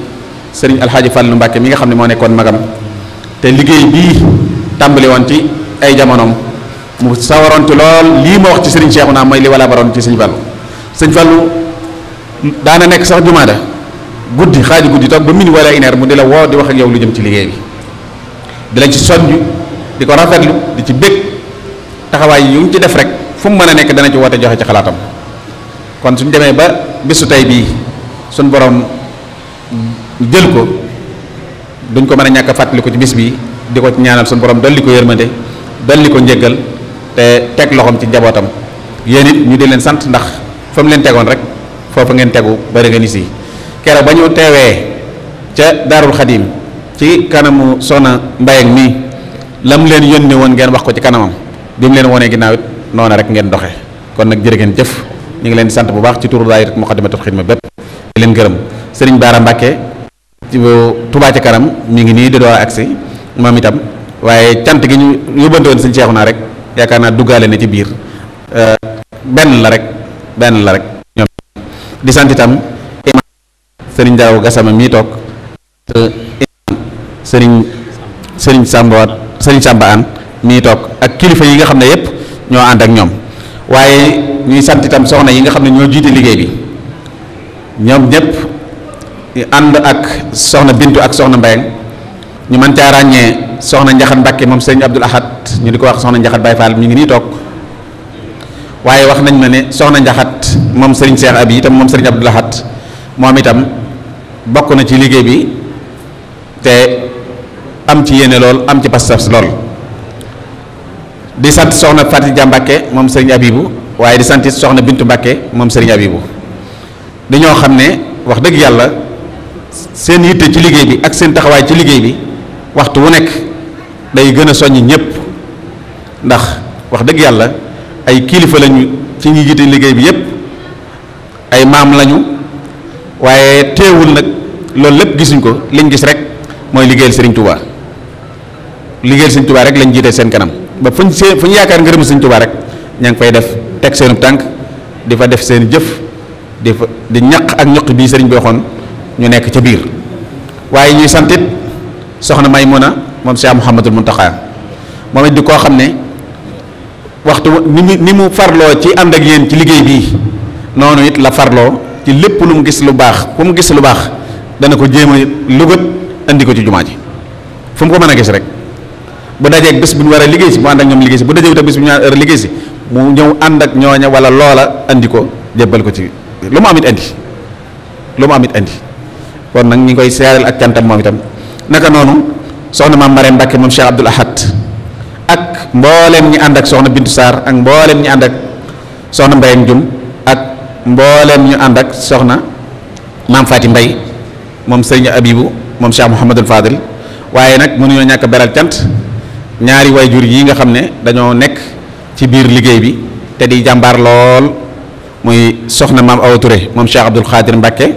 sëriñ alxaaji lu Mbàkke mi nga xam ne moo nekkoon magam te liggéey bii tàmbali woon ci ay jamonoom mu sawaroon ci lool lii ma wax ci sëriñ Cheikhouna mooy li wala baroon ci sëñ Fàllu sëñ Fàllu daana nekk sax jumaada guddi xaaji guddi toog ba min wala une heure mu di la woo di wax ak yow lu jëm ci liggéey bi di la ci soñju di ko rafetlu di ci bég taxawaay yu mu ci def rek fu mu mën a nekk dana ci woote joxe ci xalaatam kon suñ demee ba bésu tey bii suñ borom jël ko duñ ko mën a ñàkk a ci bis bi di ko ñaanal suñu borom dolli ko yërmande dolli ko njëggal te teg loxoom ci njabootam yéen it ñu di leen sant ndax fa mu leen tegoon rek foofa ngeen tegu bari ngeen si keroog ba ñu teewee ca Daarul Xadim ci kanamu Soxna Mbaye mi la lam leen yónni woon ngeen wax ko ci kanamam bi mu leen wonee ginnaaw it noona rek ngeen doxe kon nag jërë ngeen jëf ñu ngi leen di sant bu baax ci turu daayira Muqaddamatul Xidma bépp di leen gërëm tubaa ci kanam mu ngi nii di door a agsi moom itam waaye cant gi ñu yóbbante woon sëñ Seexu naa rek yaakaar naa duggaale na ci biir euh, benn la rek benn la rek ñoom di sant itam imam sëriñ Daaw Gasama mii toog sëriñ sëriñ Sàmbaat sëriñ Sàmba Aan mii toog ak kilifa yi nga xam ne yépp ñoo ànd ak ñoom waaye ñuy sant itam soxna yi nga xam ne ñoo jiite liggéey bi ñoom ñëpp ànd ak soxna Bintu ak soxna Mbayang ñu mën caa ràññee soxna Njaxat Mbàkke moom sëñ Abdul ñu di ko wax soxna Njaxat Baye Fall mi ngi nii toog waaye wax nañ ma ne soxna Njaxat moom sëriñ Seex Abi itam moom sëriñ Abdul Ahad moom itam bokk na ci liggéey bi te am ci yéene lool am ci pas-pas lool di sant soxna Fatou Dia Mbàkke moom sëriñ Abibu waaye di sant soxna Bintu Mbàkke moom sëriñ Abibu di ñoo xam ne wax dëgg yàlla seen yitte ci liggéey bi ak seen taxawaay ci liggéey bi waxtu wu nekk day gën a soññ ñëpp ndax wax dëgg yàlla ay kilifa lañu ci ñi jiite liggéey bi yëpp ay maam lañu waaye teewul nag loolu lépp gisuñ ko liñ gis rek mooy liggéeyal Serigne Touba liggéeyal Serigne Touba rek lañ jiite seen kanam ba fuñ fu ñu yaakaar ngërëm Serigne Touba rek ña ngi fay def teg seenu tànk di fa def seen jëf di fa di ñaq ak ñoq bii Serigne bi waxoon. ñu nekk ca biir waaye ñuy santit soxna may mun a moom Cheikh mu Muntaqa moom it di koo xam ne waxtu ni mu ni mu farloo ci ànd yéen ci liggéey bii noonu it la farloo ci lépp lu mu gis lu baax ku mu gis lu baax dana ko jéem a lugat indi ko ci jumaa ji fu mu ko mën a gis rek bu dajee ak bés bu ñu war a liggéey si mu ànd ak ñoom liggéey si bu dajee ak bés bu ñu ñooña wala loola indi ko jébbal ko ci lu mu amit indi lu mu amit indi kon nag ñi ngi koy seeral ak cantam moom itam naka noonu soxna maam Marème Mbacke moom Cheikh Abdoul Ahad ak mboolem ñi ànd ak soxna Bintu Sarr ak mboolem ñi ànd ak soxna Mbayang Jum ak mboolem ñu ànd ak soxna maam Faati Mbay moom Serigne Abibu moom Cheikh Mouhamadul Fadil waaye nag mënuñoo ñàkk a cant ñaari jur yi nga xam ne dañoo nekk ci biir liggéey bi te di jàmbaar lool muy soxna maam Awa Touré moom Cheikh Abdoul Khadir Mbacke.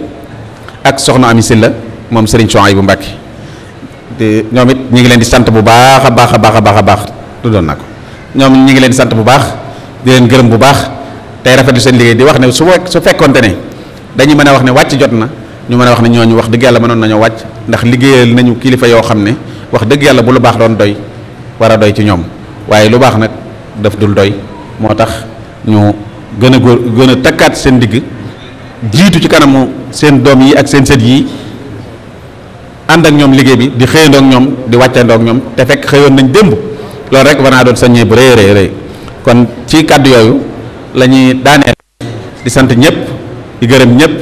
ak soxna Ami Sylla moom Serigne Souhaïbou Mbacké te ñoom it ñu ngi leen di sant bu baax a baax a baax a baax a baax tuddoon na ko ñoom ñu ngi leen di sant bu baax di leen gërëm bu baax tey rafet rafetlu seen liggéey di wax ne su su fekkonte ne dañu mën a wax ne wàcc jot na ñu mën a wax ne ñu wax dëgg yàlla mënoon nañoo wàcc ndax liggéeyal nañu kilifa yoo xam ne wax dëgg yàlla bu lu baax doon doy war a doy ci ñoom waaye lu baax nag daf dul doy moo tax ñu gën a góor gën a takkaat seen digg jiitu ci kanamu seen doom yi ak seen sët yi ànd ak ñoom liggéey bi di xëyandoo ak ñoom di wàccandoo ak ñoom te fekk xëyoon nañ démb loolu rek war naa doon sañee bu rëy kon ci kàddu yooyu la ñuy di sant ñëpp di gërëm ñëpp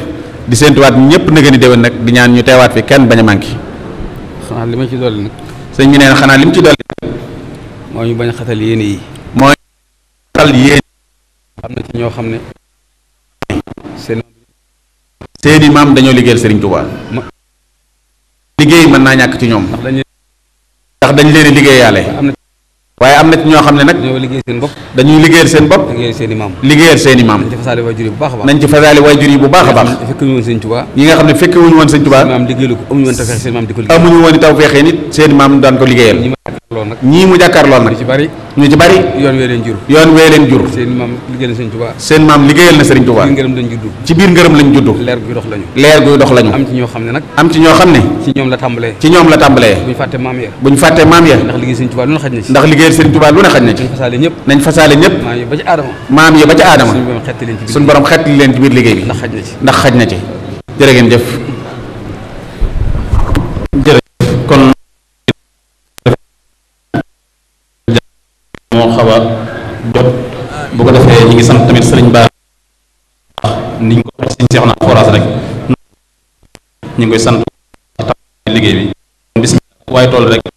di séentuwaat ñëpp na gën a déwén nag di ñaan ñu teewaat kenn bañ a manqué. xanaa li ma ci dolli nag. sëñ xanaa li ci dolli nag. moo ñu bañ xatal yéen yi. moo xatal yéen. am ñoo xam ne. seeni maam dañoo liggéeyal Serigne Touba. liggéey mën naa ñàkk ci ñoom. ndax dañ leen liggéeyaale. waaye am na ci ñoo xam ne nag. dañoo liggéeyal seen bopp. dañuy liggéeyal seen bopp. liggéeyal seen i maam. liggéeyal seen i maam. nañ ci fasaale waajur yi bu baax a baax. nañ ci fasaale waajur yi bu baax a baax. fekkewuñu woon Serigne Touba. ñi nga xam ne fekkewuñu woon Serigne Touba. maam liggéeyalu ko amuñu woon tawfeex seen maam di ko liggéeyal. amuñu woon tawfeex nit seen maam daan ko liggéeyal. ñii mu jàkkaar lool nag ñu ci bari yoon wee leen jur yoon wee leen jur seen maam liggéeyal na Sëriñ Tuubaa seen maam liggéeyal na Sëriñ Tuubaa leer guy dox lañu leer guy dox lañu am ci ñoo xam ne nag am ci ñoo xam ne ci ñoom la tàmbalee ci ñoom la tàmbalee buñ fàtte maam ya buñ fàtte maam ya ndax liggéeyal Sëriñ Tuubaa lu ne xaj na ci ndax liggéeyal Sëriñ Tuubaa lu ne xaj na ci nañ fasaale ñëpp nañ fasaale ñëpp maam ya ba ci aadama maam ya ba xaw jot boo ko defee ñu ngi sant tamit sëriñ Ba ni ñu ko waxee sëriñ Seex naa forage rek ngi koy sant liggéey bi waaye tool rek